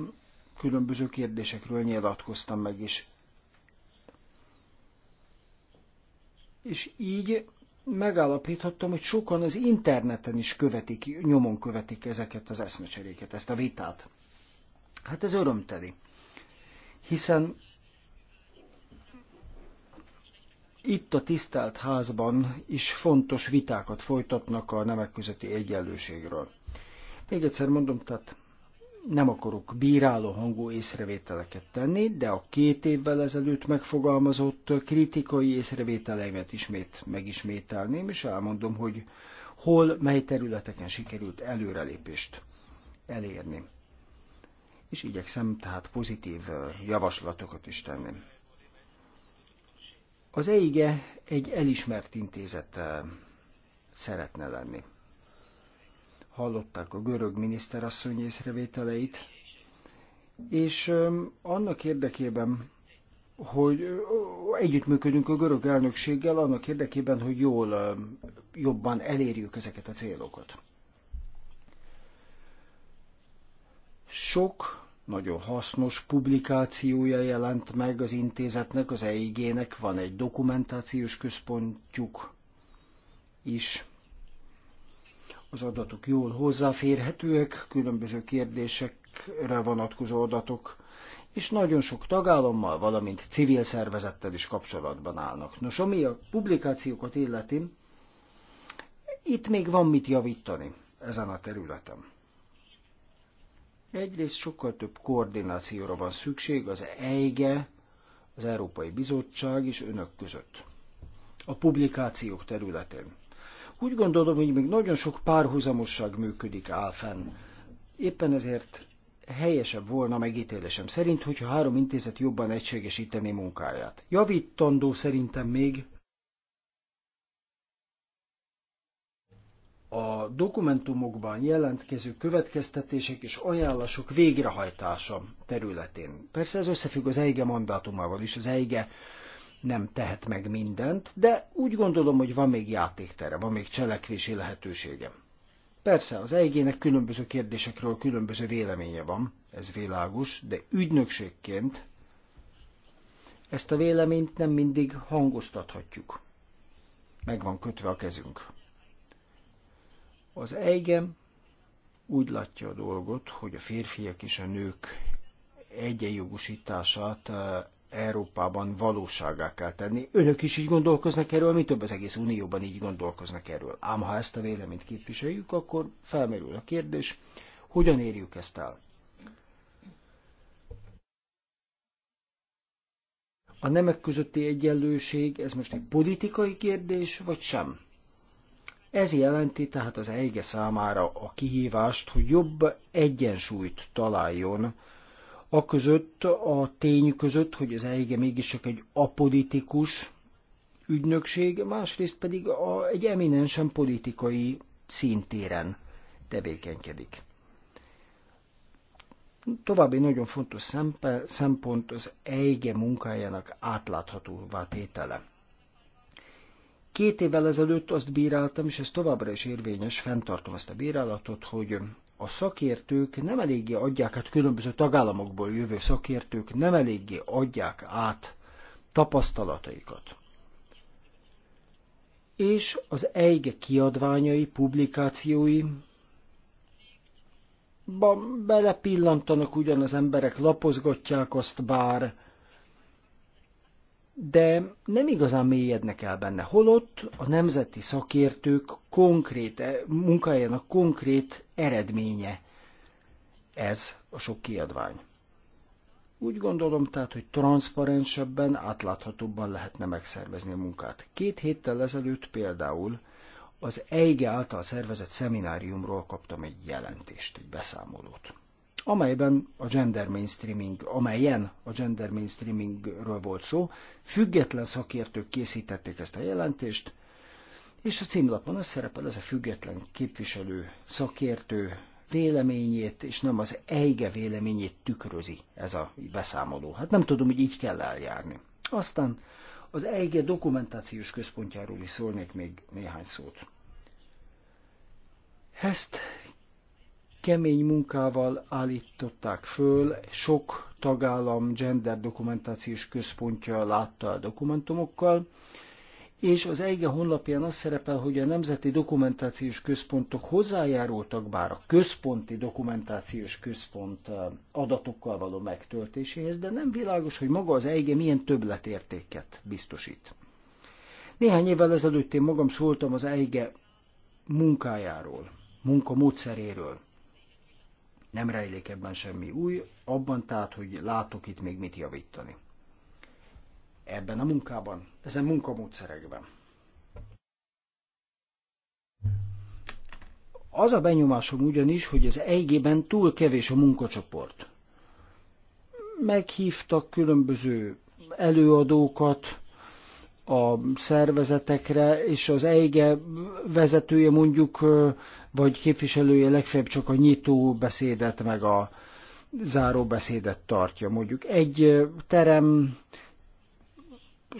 különböző kérdésekről nyilatkoztam meg, és és így megállapíthattam, hogy sokan az interneten is követik, nyomon követik ezeket az eszmecseréket, ezt a vitát. Hát ez örömteli. Hiszen itt a tisztelt házban is fontos vitákat folytatnak a nemek közötti egyenlőségről. Még egyszer mondom, tehát nem akarok bíráló hangú észrevételeket tenni, de a két évvel ezelőtt megfogalmazott kritikai észrevételeimet ismét megismételném, és elmondom, hogy hol, mely területeken sikerült előrelépést elérni. És igyekszem tehát pozitív javaslatokat is tenni. Az EIGE egy elismert intézet szeretne lenni hallották a görög miniszterasszony észrevételeit, és annak érdekében, hogy együttműködünk a görög elnökséggel annak érdekében, hogy jól, jobban elérjük ezeket a célokat. Sok nagyon hasznos publikációja jelent meg az intézetnek, az EIG-nek, van egy dokumentációs központjuk is az adatok jól hozzáférhetőek, különböző kérdésekre vonatkozó adatok, és nagyon sok tagállammal, valamint civil szervezettel is kapcsolatban állnak. Nos, ami a publikációkat illeti, itt még van mit javítani ezen a területen. Egyrészt sokkal több koordinációra van szükség az EIGE, az Európai Bizottság és önök között. A publikációk területén. Úgy gondolom, hogy még nagyon sok párhuzamosság működik áll fenn. Éppen ezért helyesebb volna megítélésem szerint, hogyha három intézet jobban egységesíteni munkáját. Javítandó szerintem még a dokumentumokban jelentkező következtetések és ajánlások végrehajtása területén. Persze ez összefügg az EIGE mandátumával is. Az EIGE nem tehet meg mindent, de úgy gondolom, hogy van még játéktere, van még cselekvési lehetőségem. Persze, az EIG-nek különböző kérdésekről különböző véleménye van, ez világos, de ügynökségként ezt a véleményt nem mindig hangoztathatjuk. Meg van kötve a kezünk. Az EIGEM úgy látja a dolgot, hogy a férfiak és a nők egyenjogosítását Európában valóságá kell tenni. Önök is így gondolkoznak erről, mi több az egész Unióban így gondolkoznak erről. Ám ha ezt a véleményt képviseljük, akkor felmerül a kérdés, hogyan érjük ezt el? A nemek közötti egyenlőség, ez most egy politikai kérdés, vagy sem? Ez jelenti tehát az EIGE számára a kihívást, hogy jobb egyensúlyt találjon a között, a tény között, hogy az EIGE mégiscsak egy apolitikus ügynökség, másrészt pedig a, egy eminensen politikai szintéren tevékenykedik. További nagyon fontos szempont az EIGE munkájának átláthatóvá tétele. Két évvel ezelőtt azt bíráltam, és ez továbbra is érvényes, fenntartom ezt a bírálatot, hogy a szakértők nem eléggé adják át, különböző tagállamokból jövő szakértők nem eléggé adják át tapasztalataikat. És az EIGE kiadványai, publikációi belepillantanak ugyanaz emberek, lapozgatják azt, bár de nem igazán mélyednek el benne. Holott a nemzeti szakértők konkrét, e, munkájának konkrét eredménye ez a sok kiadvány. Úgy gondolom tehát, hogy transzparensebben, átláthatóbban lehetne megszervezni a munkát. Két héttel ezelőtt például az EIGE által szervezett szemináriumról kaptam egy jelentést, egy beszámolót amelyben a gender mainstreaming, amelyen a gender mainstreamingről volt szó, független szakértők készítették ezt a jelentést, és a címlapon az szerepel ez a független képviselő szakértő véleményét, és nem az EIGE véleményét tükrözi ez a beszámoló. Hát nem tudom, hogy így kell eljárni. Aztán az EIGE dokumentációs központjáról is szólnék még néhány szót. Ezt kemény munkával állították föl, sok tagállam gender dokumentációs központja látta a dokumentumokkal, és az EIGE honlapján az szerepel, hogy a nemzeti dokumentációs központok hozzájárultak bár a központi dokumentációs központ eh, adatokkal való megtöltéséhez, de nem világos, hogy maga az EIGE milyen többletértéket biztosít. Néhány évvel ezelőtt én magam szóltam az EIGE munkájáról, munkamódszeréről. Nem rejlik ebben semmi új, abban tehát, hogy látok itt még mit javítani. Ebben a munkában, ezen munkamódszerekben. Az a benyomásom ugyanis, hogy az EIG-ben túl kevés a munkacsoport. Meghívtak különböző előadókat, a szervezetekre, és az EIGE vezetője mondjuk, vagy képviselője legfeljebb csak a nyitó beszédet, meg a záró beszédet tartja. Mondjuk egy terem,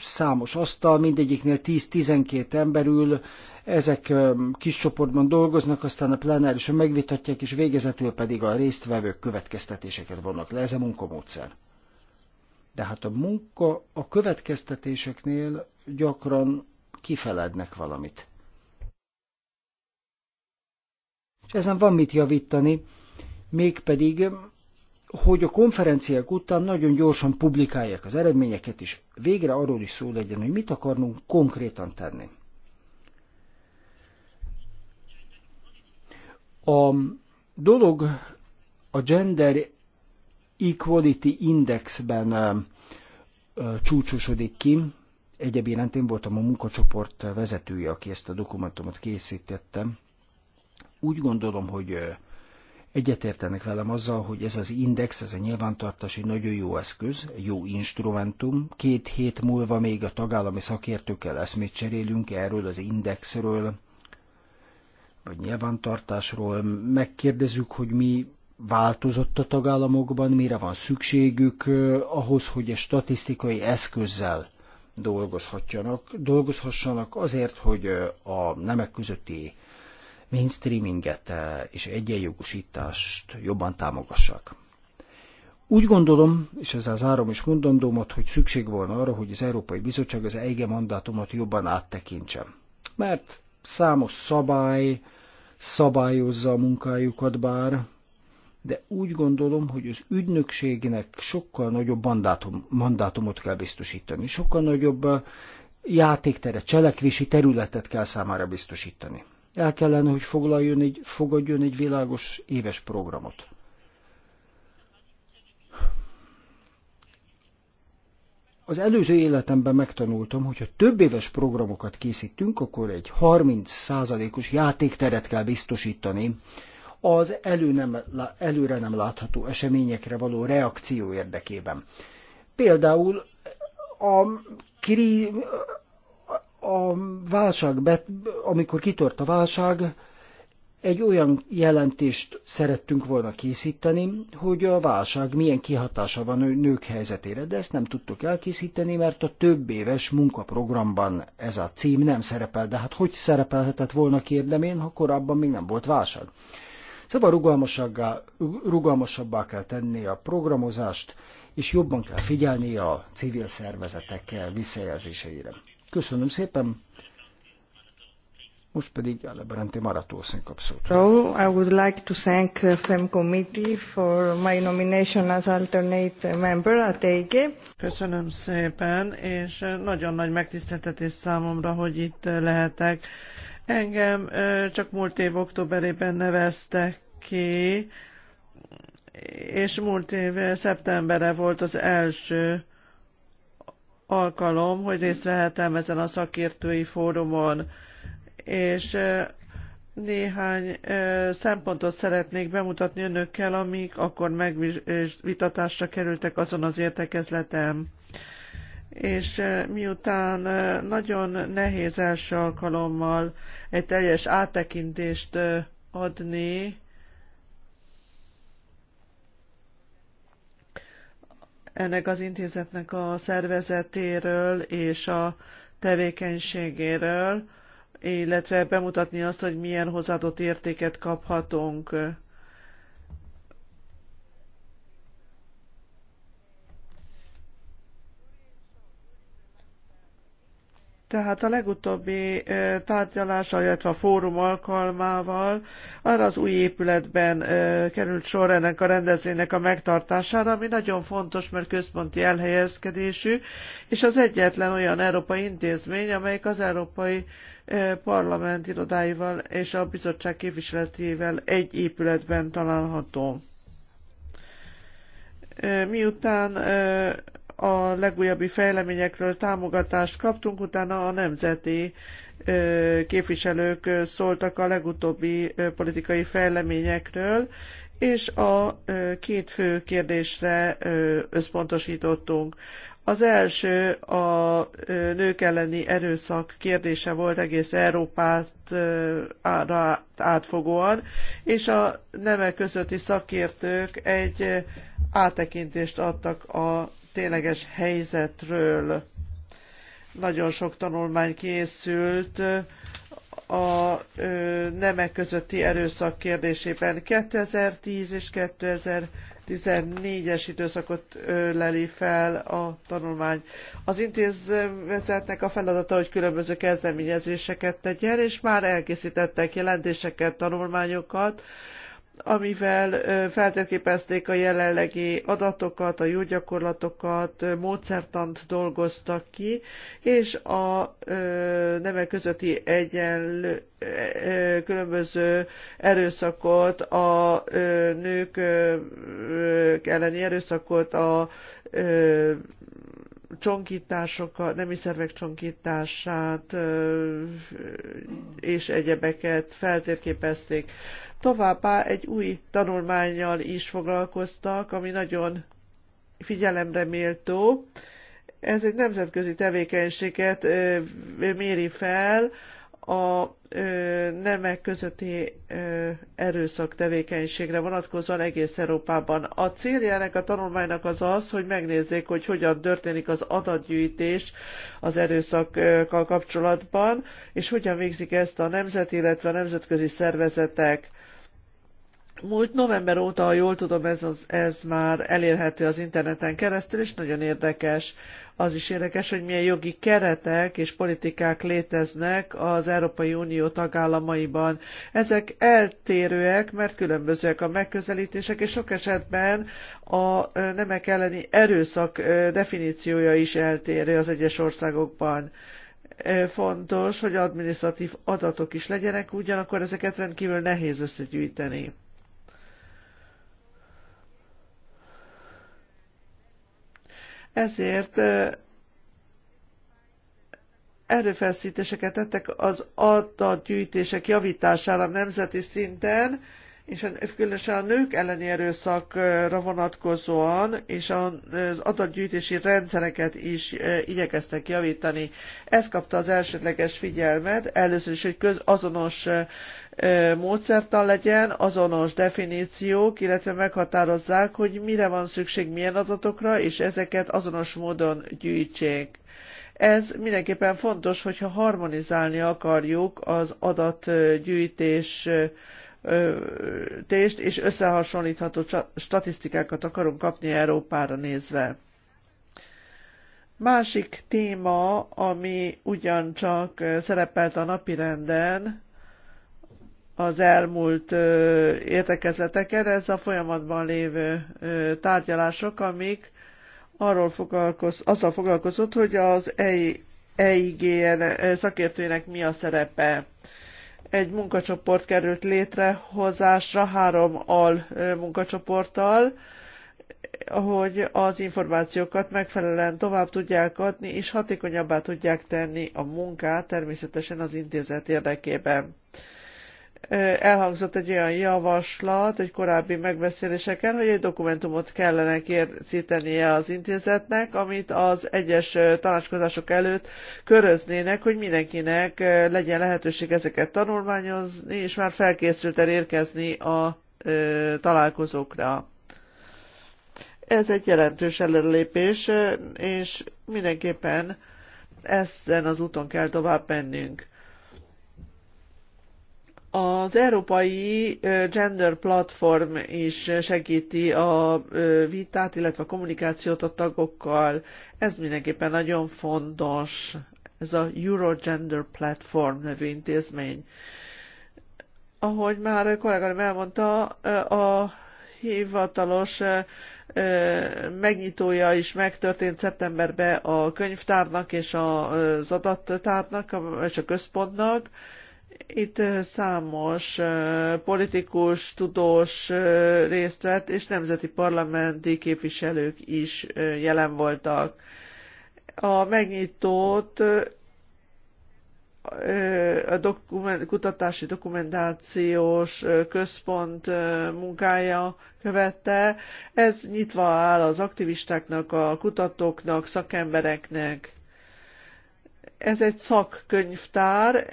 számos asztal, mindegyiknél 10-12 ember ül, ezek kis csoportban dolgoznak, aztán a plenárison megvitatják, és végezetül pedig a résztvevők következtetéseket vonnak le. Ez a munkamódszer. De hát a munka a következtetéseknél gyakran kifelednek valamit. És ezen van mit javítani, mégpedig, hogy a konferenciák után nagyon gyorsan publikálják az eredményeket, és végre arról is szó legyen, hogy mit akarnunk konkrétan tenni. A dolog a Gender Equality Indexben ö, ö, csúcsosodik ki, Egyéb iránt én voltam a munkacsoport vezetője, aki ezt a dokumentumot készítettem. Úgy gondolom, hogy egyetértenek velem azzal, hogy ez az index, ez a nyilvántartás egy nagyon jó eszköz, jó instrumentum. Két hét múlva még a tagállami szakértőkkel eszmét cserélünk erről az indexről, vagy nyilvántartásról. Megkérdezzük, hogy mi változott a tagállamokban, mire van szükségük ahhoz, hogy a statisztikai eszközzel dolgozhatjanak, dolgozhassanak azért, hogy a nemek közötti mainstreaminget és egyenjogosítást jobban támogassák. Úgy gondolom, és ezzel zárom is mondandómat, hogy szükség volna arra, hogy az Európai Bizottság az EIGE mandátumot jobban áttekintse. Mert számos szabály szabályozza a munkájukat bár, de úgy gondolom, hogy az ügynökségnek sokkal nagyobb mandátum, mandátumot kell biztosítani, sokkal nagyobb eh, játéktere, cselekvési területet kell számára biztosítani. El kellene, hogy foglaljon egy, fogadjon egy világos éves programot. Az előző életemben megtanultam, hogy ha több éves programokat készítünk, akkor egy 30%-os játékteret kell biztosítani az elő nem, előre nem látható eseményekre való reakció érdekében. Például a, kri, a válság, amikor kitört a válság, egy olyan jelentést szerettünk volna készíteni, hogy a válság milyen kihatása van a nők helyzetére, de ezt nem tudtuk elkészíteni, mert a több éves munkaprogramban ez a cím nem szerepel. De hát hogy szerepelhetett volna kérdemén, ha korábban még nem volt válság? Szóval rugalmasabbá, rugalmasabbá kell tenni a programozást, és jobban kell figyelni a civil szervezetek visszajelzéseire. Köszönöm szépen! Most pedig Elebrenti Maratószín kap szót. I would like to thank uh, FEM Committee for my nomination as alternate member at EG. Köszönöm szépen, és uh, nagyon nagy megtiszteltetés számomra, hogy itt uh, lehetek Engem csak múlt év októberében neveztek ki, és múlt év szeptembere volt az első alkalom, hogy részt vehetem ezen a szakértői fórumon, és néhány szempontot szeretnék bemutatni önökkel, amik akkor megvitatásra kerültek azon az értekezletem és miután nagyon nehéz első alkalommal egy teljes áttekintést adni, ennek az intézetnek a szervezetéről és a tevékenységéről, illetve bemutatni azt, hogy milyen hozzáadott értéket kaphatunk Tehát a legutóbbi tárgyalása, illetve a fórum alkalmával arra az új épületben került sor ennek a rendezvénynek a megtartására, ami nagyon fontos, mert központi elhelyezkedésű, és az egyetlen olyan európai intézmény, amelyik az Európai Parlament irodáival és a bizottság képviseletével egy épületben található. Miután a legújabbi fejleményekről támogatást kaptunk, utána a nemzeti képviselők szóltak a legutóbbi politikai fejleményekről, és a két fő kérdésre összpontosítottunk. Az első a nők elleni erőszak kérdése volt egész Európát átfogóan, és a nemek közötti szakértők egy áttekintést adtak a tényleges helyzetről. Nagyon sok tanulmány készült a nemek közötti erőszak kérdésében. 2010 és 2014 es időszakot leli fel a tanulmány. Az intézetnek a feladata, hogy különböző kezdeményezéseket tegyen, és már elkészítettek jelentéseket, tanulmányokat amivel feltérképezték a jelenlegi adatokat, a jó gyakorlatokat, módszertant dolgoztak ki, és a nemek közötti egyenlő, különböző erőszakot, a nők elleni erőszakot, a csonkításokat, nemi szervek csonkítását és egyebeket feltérképezték. Továbbá egy új tanulmányjal is foglalkoztak, ami nagyon figyelemre méltó. Ez egy nemzetközi tevékenységet méri fel a nemek közötti erőszak tevékenységre vonatkozóan egész Európában. A célja ennek a tanulmánynak az az, hogy megnézzék, hogy hogyan történik az adatgyűjtés az erőszakkal kapcsolatban, és hogyan végzik ezt a nemzet, illetve a nemzetközi szervezetek Múlt november óta, ha jól tudom, ez, az, ez már elérhető az interneten keresztül, és nagyon érdekes. Az is érdekes, hogy milyen jogi keretek és politikák léteznek az Európai Unió tagállamaiban. Ezek eltérőek, mert különbözőek a megközelítések, és sok esetben a nemek elleni erőszak definíciója is eltérő az egyes országokban fontos, hogy adminisztratív adatok is legyenek, ugyanakkor ezeket rendkívül nehéz összegyűjteni. Ezért erőfeszítéseket tettek az adatgyűjtések javítására nemzeti szinten, és különösen a nők elleni erőszakra vonatkozóan, és az adatgyűjtési rendszereket is igyekeztek javítani. Ez kapta az elsődleges figyelmet, először is, hogy közazonos azonos módszertan legyen, azonos definíciók, illetve meghatározzák, hogy mire van szükség, milyen adatokra, és ezeket azonos módon gyűjtsék. Ez mindenképpen fontos, hogyha harmonizálni akarjuk az adatgyűjtés tést, és összehasonlítható statisztikákat akarunk kapni Európára nézve. Másik téma, ami ugyancsak szerepelt a napirenden, az elmúlt értekezleteken, ez a folyamatban lévő tárgyalások, amik arról foglalkoz, azzal foglalkozott, hogy az EIGN e szakértőinek mi a szerepe. Egy munkacsoport került létrehozásra három al munkacsoporttal, hogy az információkat megfelelően tovább tudják adni, és hatékonyabbá tudják tenni a munkát természetesen az intézet érdekében elhangzott egy olyan javaslat, egy korábbi megbeszéléseken, hogy egy dokumentumot kellene készítenie az intézetnek, amit az egyes tanácskozások előtt köröznének, hogy mindenkinek legyen lehetőség ezeket tanulmányozni, és már felkészülten érkezni a találkozókra. Ez egy jelentős előrelépés, és mindenképpen ezen az úton kell tovább mennünk. Az Európai Gender Platform is segíti a vitát, illetve a kommunikációt a tagokkal. Ez mindenképpen nagyon fontos, ez a Eurogender Platform nevű intézmény. Ahogy már a kollégám elmondta, a hivatalos megnyitója is megtörtént szeptemberben a könyvtárnak és az adattárnak és a központnak itt számos politikus, tudós részt vett, és nemzeti parlamenti képviselők is jelen voltak. A megnyitót a dokument, kutatási dokumentációs központ munkája követte. Ez nyitva áll az aktivistáknak, a kutatóknak, szakembereknek. Ez egy szakkönyvtár,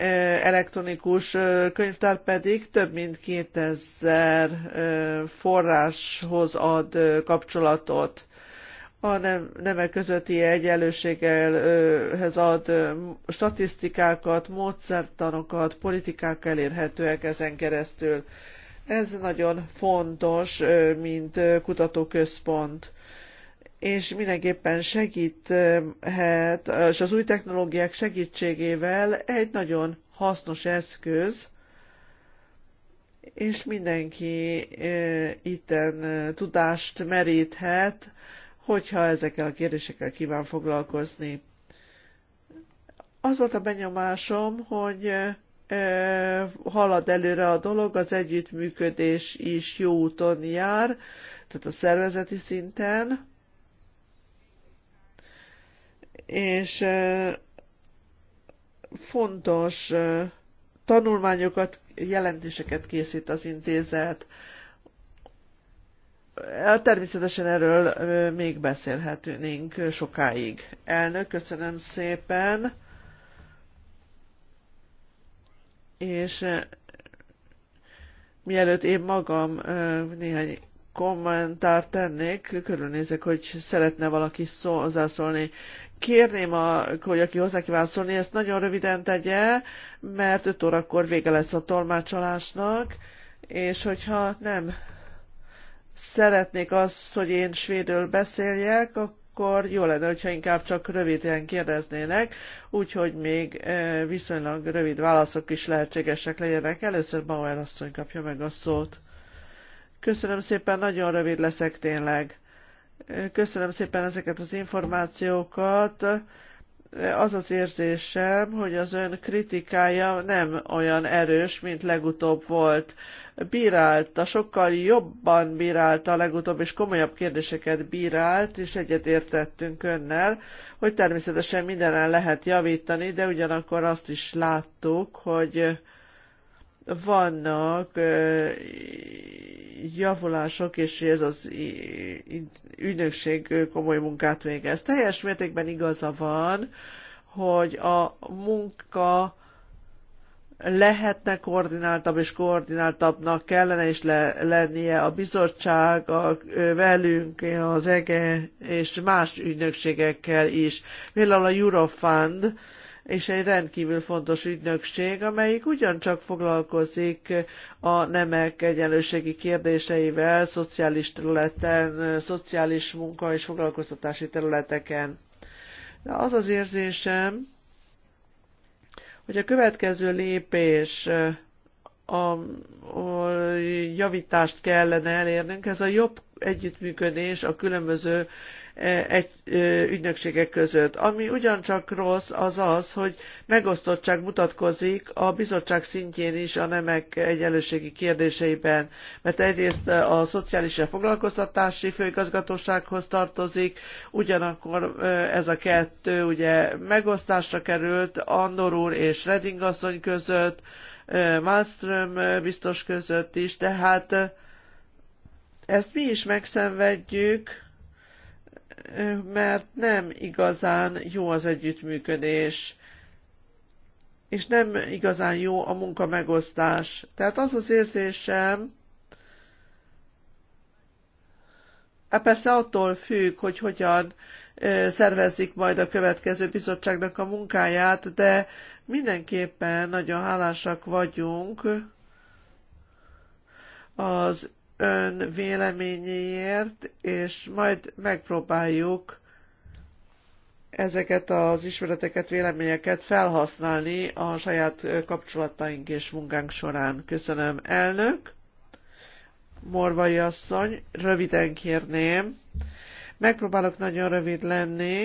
elektronikus könyvtár pedig több mint 2000 forráshoz ad kapcsolatot. A nem, nemek közötti egyenlőségelhez ad statisztikákat, módszertanokat, politikák elérhetőek ezen keresztül. Ez nagyon fontos, mint kutatóközpont és mindenképpen segíthet, és az új technológiák segítségével egy nagyon hasznos eszköz, és mindenki eh, itten eh, tudást meríthet, hogyha ezekkel a kérdésekkel kíván foglalkozni. Az volt a benyomásom, hogy eh, halad előre a dolog, az együttműködés is jó úton jár, tehát a szervezeti szinten, és fontos tanulmányokat, jelentéseket készít az intézet. Természetesen erről még beszélhetünk sokáig. Elnök, köszönöm szépen. És mielőtt én magam néhány kommentárt tennék, körülnézek, hogy szeretne valaki szó, hozzászólni kérném, a, hogy aki hozzá kíván szólni, ezt nagyon röviden tegye, mert 5 órakor vége lesz a tolmácsolásnak, és hogyha nem szeretnék azt, hogy én svédül beszéljek, akkor jó lenne, hogyha inkább csak röviden kérdeznének, úgyhogy még e, viszonylag rövid válaszok is lehetségesek legyenek. Először Bauer asszony kapja meg a szót. Köszönöm szépen, nagyon rövid leszek tényleg Köszönöm szépen ezeket az információkat. Az az érzésem, hogy az ön kritikája nem olyan erős, mint legutóbb volt. Bírálta, sokkal jobban bírálta legutóbb, és komolyabb kérdéseket bírált, és egyetértettünk önnel, hogy természetesen mindenen lehet javítani, de ugyanakkor azt is láttuk, hogy vannak javulások, és ez az ügynökség komoly munkát végez. Teljes mértékben igaza van, hogy a munka lehetne koordináltabb és koordináltabbnak kellene is le, lennie a bizottság, a, velünk, az EGE e és más ügynökségekkel is. Például a Eurofund, és egy rendkívül fontos ügynökség, amelyik ugyancsak foglalkozik a nemek egyenlőségi kérdéseivel, szociális területen, szociális munka és foglalkoztatási területeken. De az az érzésem, hogy a következő lépés a, a javítást kellene elérnünk, ez a jobb együttműködés a különböző Eh, egy eh, ügynökségek között. Ami ugyancsak rossz, az az, hogy megosztottság mutatkozik a bizottság szintjén is a nemek egyenlőségi kérdéseiben, mert egyrészt a szociális és foglalkoztatási főigazgatósághoz tartozik, ugyanakkor eh, ez a kettő ugye megosztásra került Andor úr és Reding asszony között, Malmström biztos között is, tehát ezt mi is megszenvedjük, mert nem igazán jó az együttműködés, és nem igazán jó a munka megosztás. Tehát az az érzésem, Hát persze attól függ, hogy hogyan szervezik majd a következő bizottságnak a munkáját, de mindenképpen nagyon hálásak vagyunk az ön véleményéért, és majd megpróbáljuk ezeket az ismereteket, véleményeket felhasználni a saját kapcsolataink és munkánk során. Köszönöm, elnök! Morvai asszony, röviden kérném. Megpróbálok nagyon rövid lenni.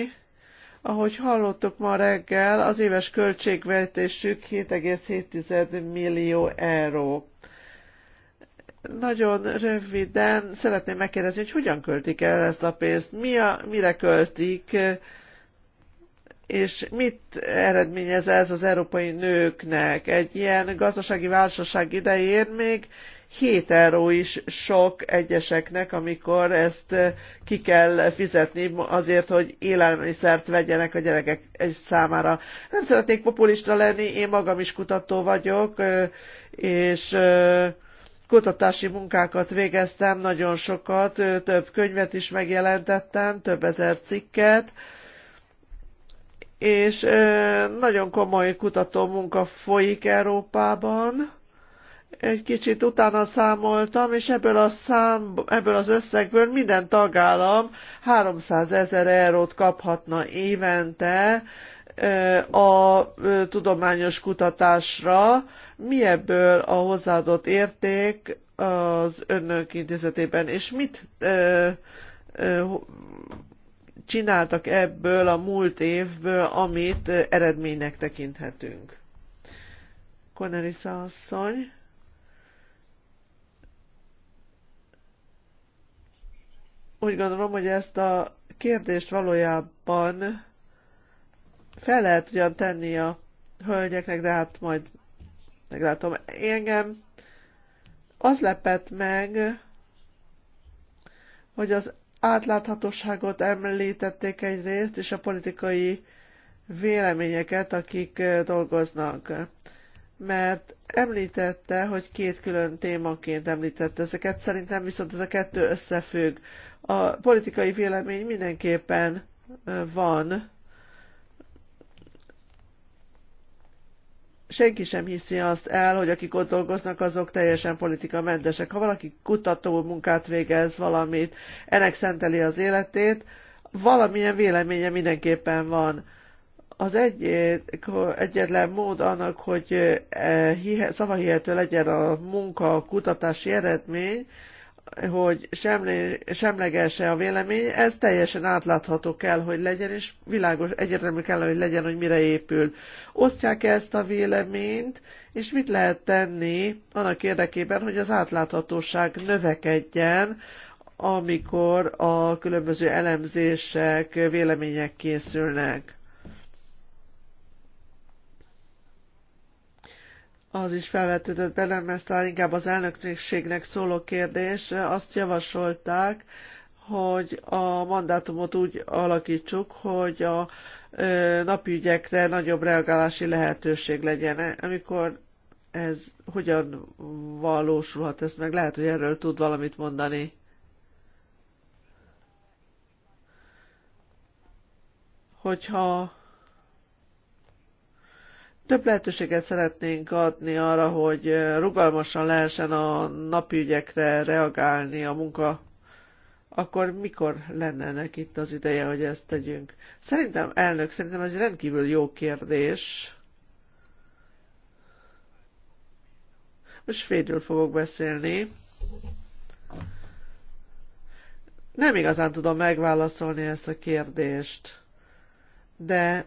Ahogy hallottuk ma reggel, az éves költségvetésük 7,7 millió euró. Nagyon röviden szeretném megkérdezni, hogy hogyan költik el ezt a pénzt, mi a, mire költik, és mit eredményez ez az európai nőknek? Egy ilyen gazdasági válság idején még 7 euró is sok egyeseknek, amikor ezt ki kell fizetni azért, hogy élelmiszert vegyenek a gyerekek számára. Nem szeretnék populista lenni, én magam is kutató vagyok, és kutatási munkákat végeztem, nagyon sokat, több könyvet is megjelentettem, több ezer cikket, és nagyon komoly kutató munka folyik Európában. Egy kicsit utána számoltam, és ebből, a szám, ebből az összegből minden tagállam 300 ezer eurót kaphatna évente a tudományos kutatásra, mi ebből a hozzáadott érték az önök intézetében, és mit ö, ö, csináltak ebből a múlt évből, amit eredménynek tekinthetünk. Konerisza asszony. Úgy gondolom, hogy ezt a kérdést valójában fel lehet ugyan tenni a hölgyeknek, de hát majd esetleg látom. Engem az lepett meg, hogy az átláthatóságot említették egyrészt, és a politikai véleményeket, akik dolgoznak. Mert említette, hogy két külön témaként említette ezeket, szerintem viszont ez a kettő összefügg. A politikai vélemény mindenképpen van, senki sem hiszi azt el, hogy akik ott dolgoznak, azok teljesen politikamentesek. Ha valaki kutató munkát végez valamit, ennek szenteli az életét, valamilyen véleménye mindenképpen van. Az egy, egyetlen mód annak, hogy eh, szavahihető legyen a munka, a kutatási eredmény, hogy semleges-e a vélemény, ez teljesen átlátható kell, hogy legyen, és világos, egyértelmű kell, hogy legyen, hogy mire épül. Osztják -e ezt a véleményt, és mit lehet tenni annak érdekében, hogy az átláthatóság növekedjen, amikor a különböző elemzések, vélemények készülnek. az is felvetődött bennem, ez talán inkább az elnökségnek szóló kérdés. Azt javasolták, hogy a mandátumot úgy alakítsuk, hogy a napi ügyekre nagyobb reagálási lehetőség legyen. Amikor ez hogyan valósulhat, ezt meg lehet, hogy erről tud valamit mondani. Hogyha több lehetőséget szeretnénk adni arra, hogy rugalmasan lehessen a napi ügyekre reagálni a munka akkor mikor lenne ennek itt az ideje, hogy ezt tegyünk? Szerintem, elnök, szerintem ez egy rendkívül jó kérdés. Most svédül fogok beszélni. Nem igazán tudom megválaszolni ezt a kérdést, de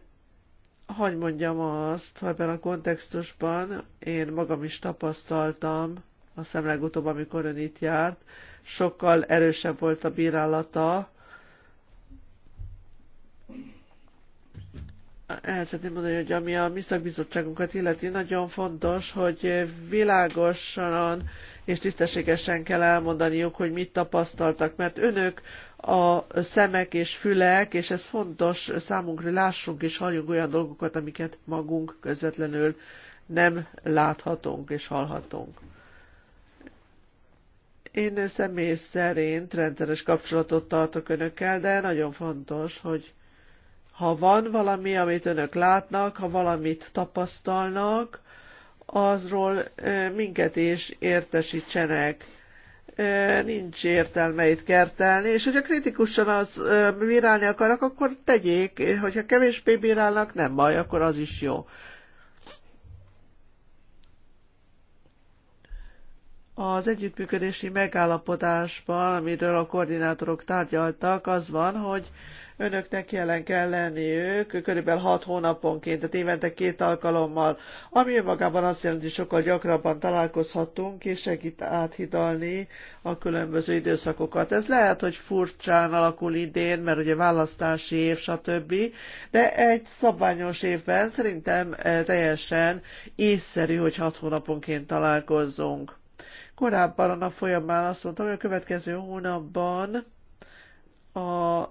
hogy mondjam azt, ha ebben a kontextusban én magam is tapasztaltam, a legutóbb, amikor ön itt járt, sokkal erősebb volt a bírálata. El szeretném mondani, hogy ami a mi bizottságunkat illeti, nagyon fontos, hogy világosan és tisztességesen kell elmondaniuk, hogy mit tapasztaltak, mert önök a szemek és fülek, és ez fontos számunkra, hogy lássunk és halljunk olyan dolgokat, amiket magunk közvetlenül nem láthatunk és hallhatunk. Én személy szerint rendszeres kapcsolatot tartok önökkel, de nagyon fontos, hogy ha van valami, amit önök látnak, ha valamit tapasztalnak, azról minket is értesítsenek nincs értelme itt kertelni, és hogyha kritikusan az bírálni akarnak, akkor tegyék, hogyha kevésbé bírálnak, nem baj, akkor az is jó. Az együttműködési megállapodásban, amiről a koordinátorok tárgyaltak, az van, hogy önöknek jelen kell lenniük körülbelül 6 hónaponként, tehát évente két alkalommal, ami önmagában azt jelenti, hogy sokkal gyakrabban találkozhatunk és segít áthidalni a különböző időszakokat. Ez lehet, hogy furcsán alakul idén, mert ugye választási év, stb., de egy szabványos évben szerintem eh, teljesen észszerű, hogy 6 hónaponként találkozzunk. Korábban a nap folyamán azt mondtam, hogy a következő hónapban a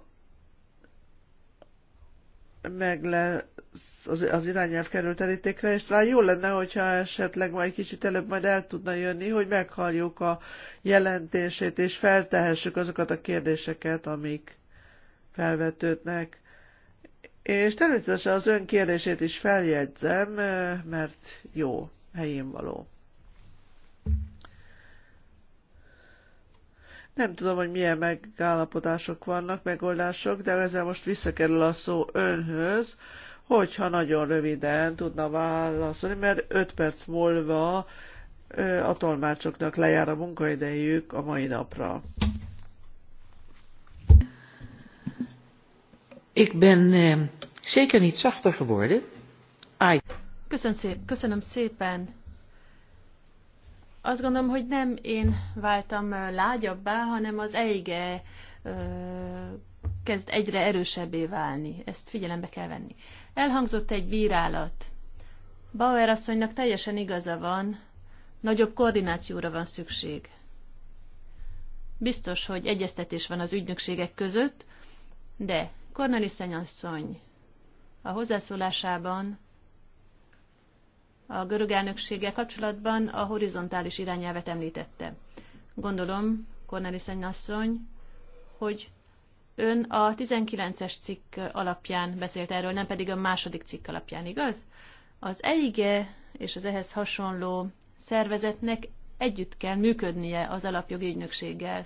meg lesz az, az irányelv került elítékre, és talán jó lenne, hogyha esetleg majd kicsit előbb majd el tudna jönni, hogy meghalljuk a jelentését, és feltehessük azokat a kérdéseket, amik felvetődnek. És természetesen az ön kérdését is feljegyzem, mert jó, helyén való. Nem tudom, hogy milyen megállapodások vannak, megoldások, de ezzel most visszakerül a szó önhöz, hogyha nagyon röviden tudna válaszolni, mert 5 perc múlva a tolmácsoknak lejár a munkaidejük a mai napra. Ik ben eh, zeker niet zachter geworden. Ai. köszönöm szépen. Azt gondolom, hogy nem én váltam lágyabbá, hanem az EIGE kezd egyre erősebbé válni. Ezt figyelembe kell venni. Elhangzott egy bírálat. Bauer asszonynak teljesen igaza van, nagyobb koordinációra van szükség. Biztos, hogy egyeztetés van az ügynökségek között, de Cornelis asszony a hozzászólásában a görög elnökséggel kapcsolatban a horizontális irányelvet említette. Gondolom, Cornelis asszony, hogy ön a 19-es cikk alapján beszélt erről, nem pedig a második cikk alapján, igaz? Az EIGE e és az ehhez hasonló szervezetnek együtt kell működnie az alapjogi ügynökséggel,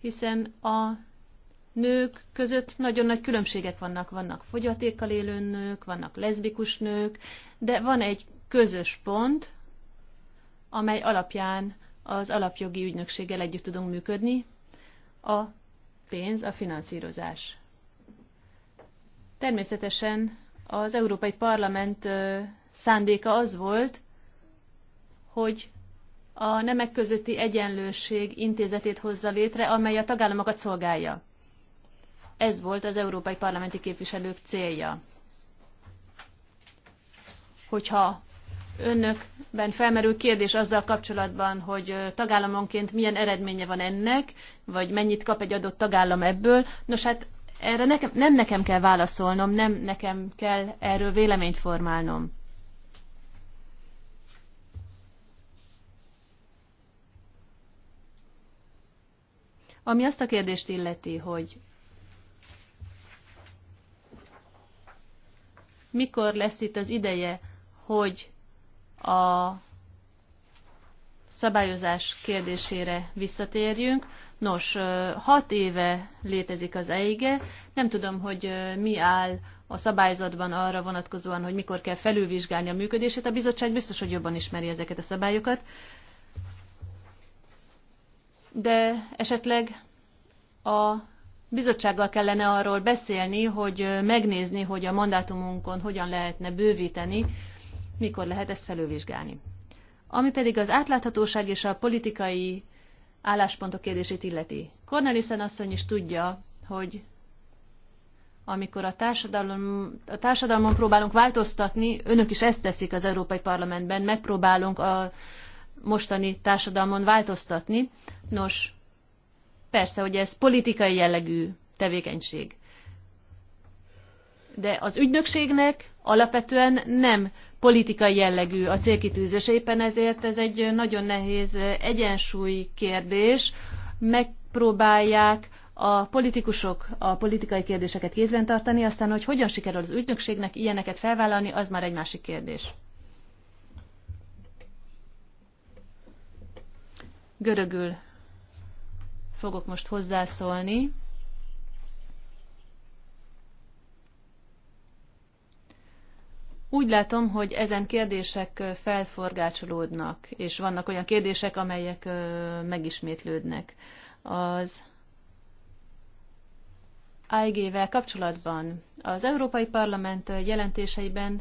hiszen a nők között nagyon nagy különbségek vannak. Vannak fogyatékkal élő nők, vannak leszbikus nők, de van egy közös pont, amely alapján az alapjogi ügynökséggel együtt tudunk működni, a pénz, a finanszírozás. Természetesen az Európai Parlament szándéka az volt, hogy a nemek közötti egyenlőség intézetét hozza létre, amely a tagállamokat szolgálja. Ez volt az európai parlamenti képviselők célja. Hogyha önökben felmerül kérdés azzal kapcsolatban, hogy tagállamonként milyen eredménye van ennek, vagy mennyit kap egy adott tagállam ebből, nos hát erre nekem, nem nekem kell válaszolnom, nem nekem kell erről véleményt formálnom. Ami azt a kérdést illeti, hogy mikor lesz itt az ideje, hogy a szabályozás kérdésére visszatérjünk. Nos, hat éve létezik az EIGE. Nem tudom, hogy mi áll a szabályzatban arra vonatkozóan, hogy mikor kell felülvizsgálni a működését. A bizottság biztos, hogy jobban ismeri ezeket a szabályokat. De esetleg a bizottsággal kellene arról beszélni, hogy megnézni, hogy a mandátumunkon hogyan lehetne bővíteni, mikor lehet ezt felülvizsgálni. Ami pedig az átláthatóság és a politikai álláspontok kérdését illeti. Cornelissen asszony is tudja, hogy amikor a, társadalom, a társadalmon próbálunk változtatni, önök is ezt teszik az Európai Parlamentben, megpróbálunk a mostani társadalmon változtatni. Nos, Persze, hogy ez politikai jellegű tevékenység. De az ügynökségnek alapvetően nem politikai jellegű a célkitűzés, éppen ezért ez egy nagyon nehéz egyensúly kérdés. Megpróbálják a politikusok a politikai kérdéseket kézben tartani, aztán, hogy hogyan sikerül az ügynökségnek ilyeneket felvállalni, az már egy másik kérdés. Görögül fogok most hozzászólni. Úgy látom, hogy ezen kérdések felforgácsolódnak, és vannak olyan kérdések, amelyek megismétlődnek. Az AIG-vel kapcsolatban az Európai Parlament jelentéseiben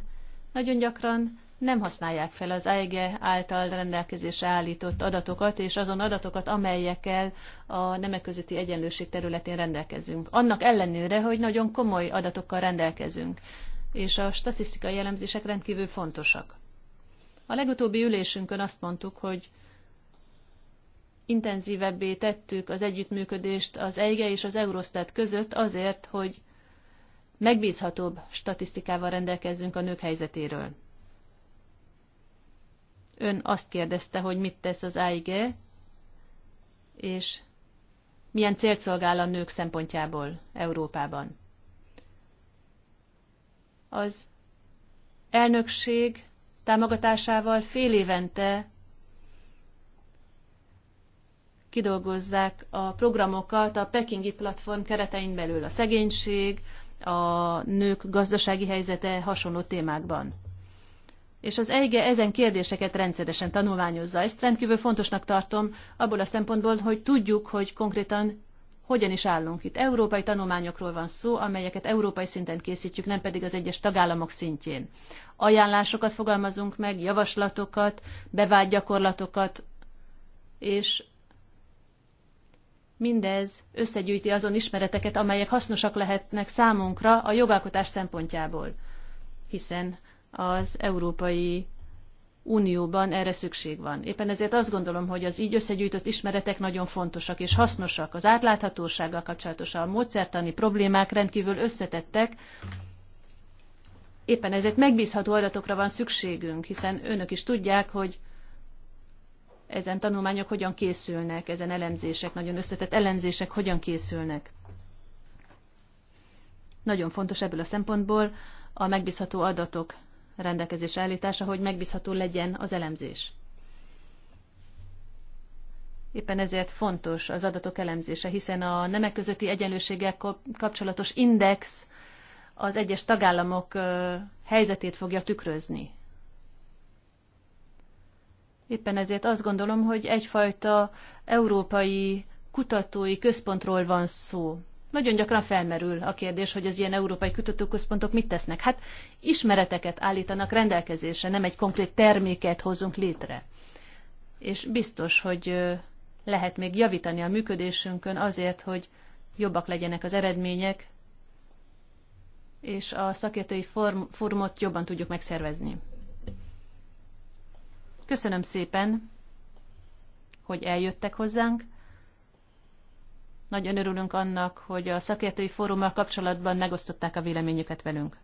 nagyon gyakran nem használják fel az EIGE által rendelkezésre állított adatokat, és azon adatokat, amelyekkel a nemek közötti egyenlőség területén rendelkezünk. Annak ellenőre, hogy nagyon komoly adatokkal rendelkezünk, és a statisztikai elemzések rendkívül fontosak. A legutóbbi ülésünkön azt mondtuk, hogy intenzívebbé tettük az együttműködést az EIGE és az Eurostat között azért, hogy megbízhatóbb statisztikával rendelkezzünk a nők helyzetéről. Ön azt kérdezte, hogy mit tesz az AIG, és milyen célt szolgál a nők szempontjából Európában. Az elnökség támogatásával fél évente kidolgozzák a programokat a Pekingi platform keretein belül a szegénység, a nők gazdasági helyzete hasonló témákban és az EIGE ezen kérdéseket rendszeresen tanulmányozza. Ezt rendkívül fontosnak tartom abból a szempontból, hogy tudjuk, hogy konkrétan hogyan is állunk itt. Európai tanulmányokról van szó, amelyeket európai szinten készítjük, nem pedig az egyes tagállamok szintjén. Ajánlásokat fogalmazunk meg, javaslatokat, bevált gyakorlatokat, és mindez összegyűjti azon ismereteket, amelyek hasznosak lehetnek számunkra a jogalkotás szempontjából. Hiszen az Európai Unióban erre szükség van. Éppen ezért azt gondolom, hogy az így összegyűjtött ismeretek nagyon fontosak és hasznosak. Az átláthatósággal kapcsolatos a módszertani problémák rendkívül összetettek, Éppen ezért megbízható adatokra van szükségünk, hiszen önök is tudják, hogy ezen tanulmányok hogyan készülnek, ezen elemzések, nagyon összetett elemzések hogyan készülnek. Nagyon fontos ebből a szempontból a megbízható adatok rendelkezés állítása, hogy megbízható legyen az elemzés. Éppen ezért fontos az adatok elemzése, hiszen a nemek közötti egyenlőséggel kapcsolatos index az egyes tagállamok helyzetét fogja tükrözni. Éppen ezért azt gondolom, hogy egyfajta európai kutatói központról van szó, nagyon gyakran felmerül a kérdés, hogy az ilyen európai kutatóközpontok mit tesznek. Hát ismereteket állítanak rendelkezésre, nem egy konkrét terméket hozunk létre. És biztos, hogy lehet még javítani a működésünkön azért, hogy jobbak legyenek az eredmények, és a szakértői formot jobban tudjuk megszervezni. Köszönöm szépen, hogy eljöttek hozzánk. Nagyon örülünk annak, hogy a szakértői fórummal kapcsolatban megosztották a véleményüket velünk.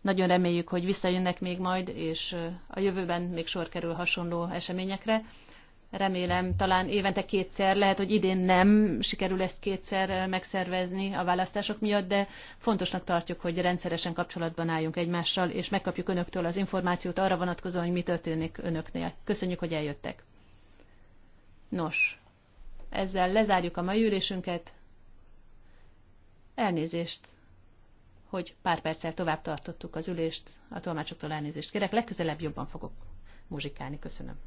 Nagyon reméljük, hogy visszajönnek még majd, és a jövőben még sor kerül hasonló eseményekre. Remélem, talán évente kétszer, lehet, hogy idén nem sikerül ezt kétszer megszervezni a választások miatt, de fontosnak tartjuk, hogy rendszeresen kapcsolatban álljunk egymással, és megkapjuk önöktől az információt arra vonatkozóan, hogy mi történik önöknél. Köszönjük, hogy eljöttek. Nos, ezzel lezárjuk a mai ülésünket. Elnézést, hogy pár perccel tovább tartottuk az ülést. A tolmácsoktól elnézést kérek. Legközelebb jobban fogok muzsikálni. Köszönöm.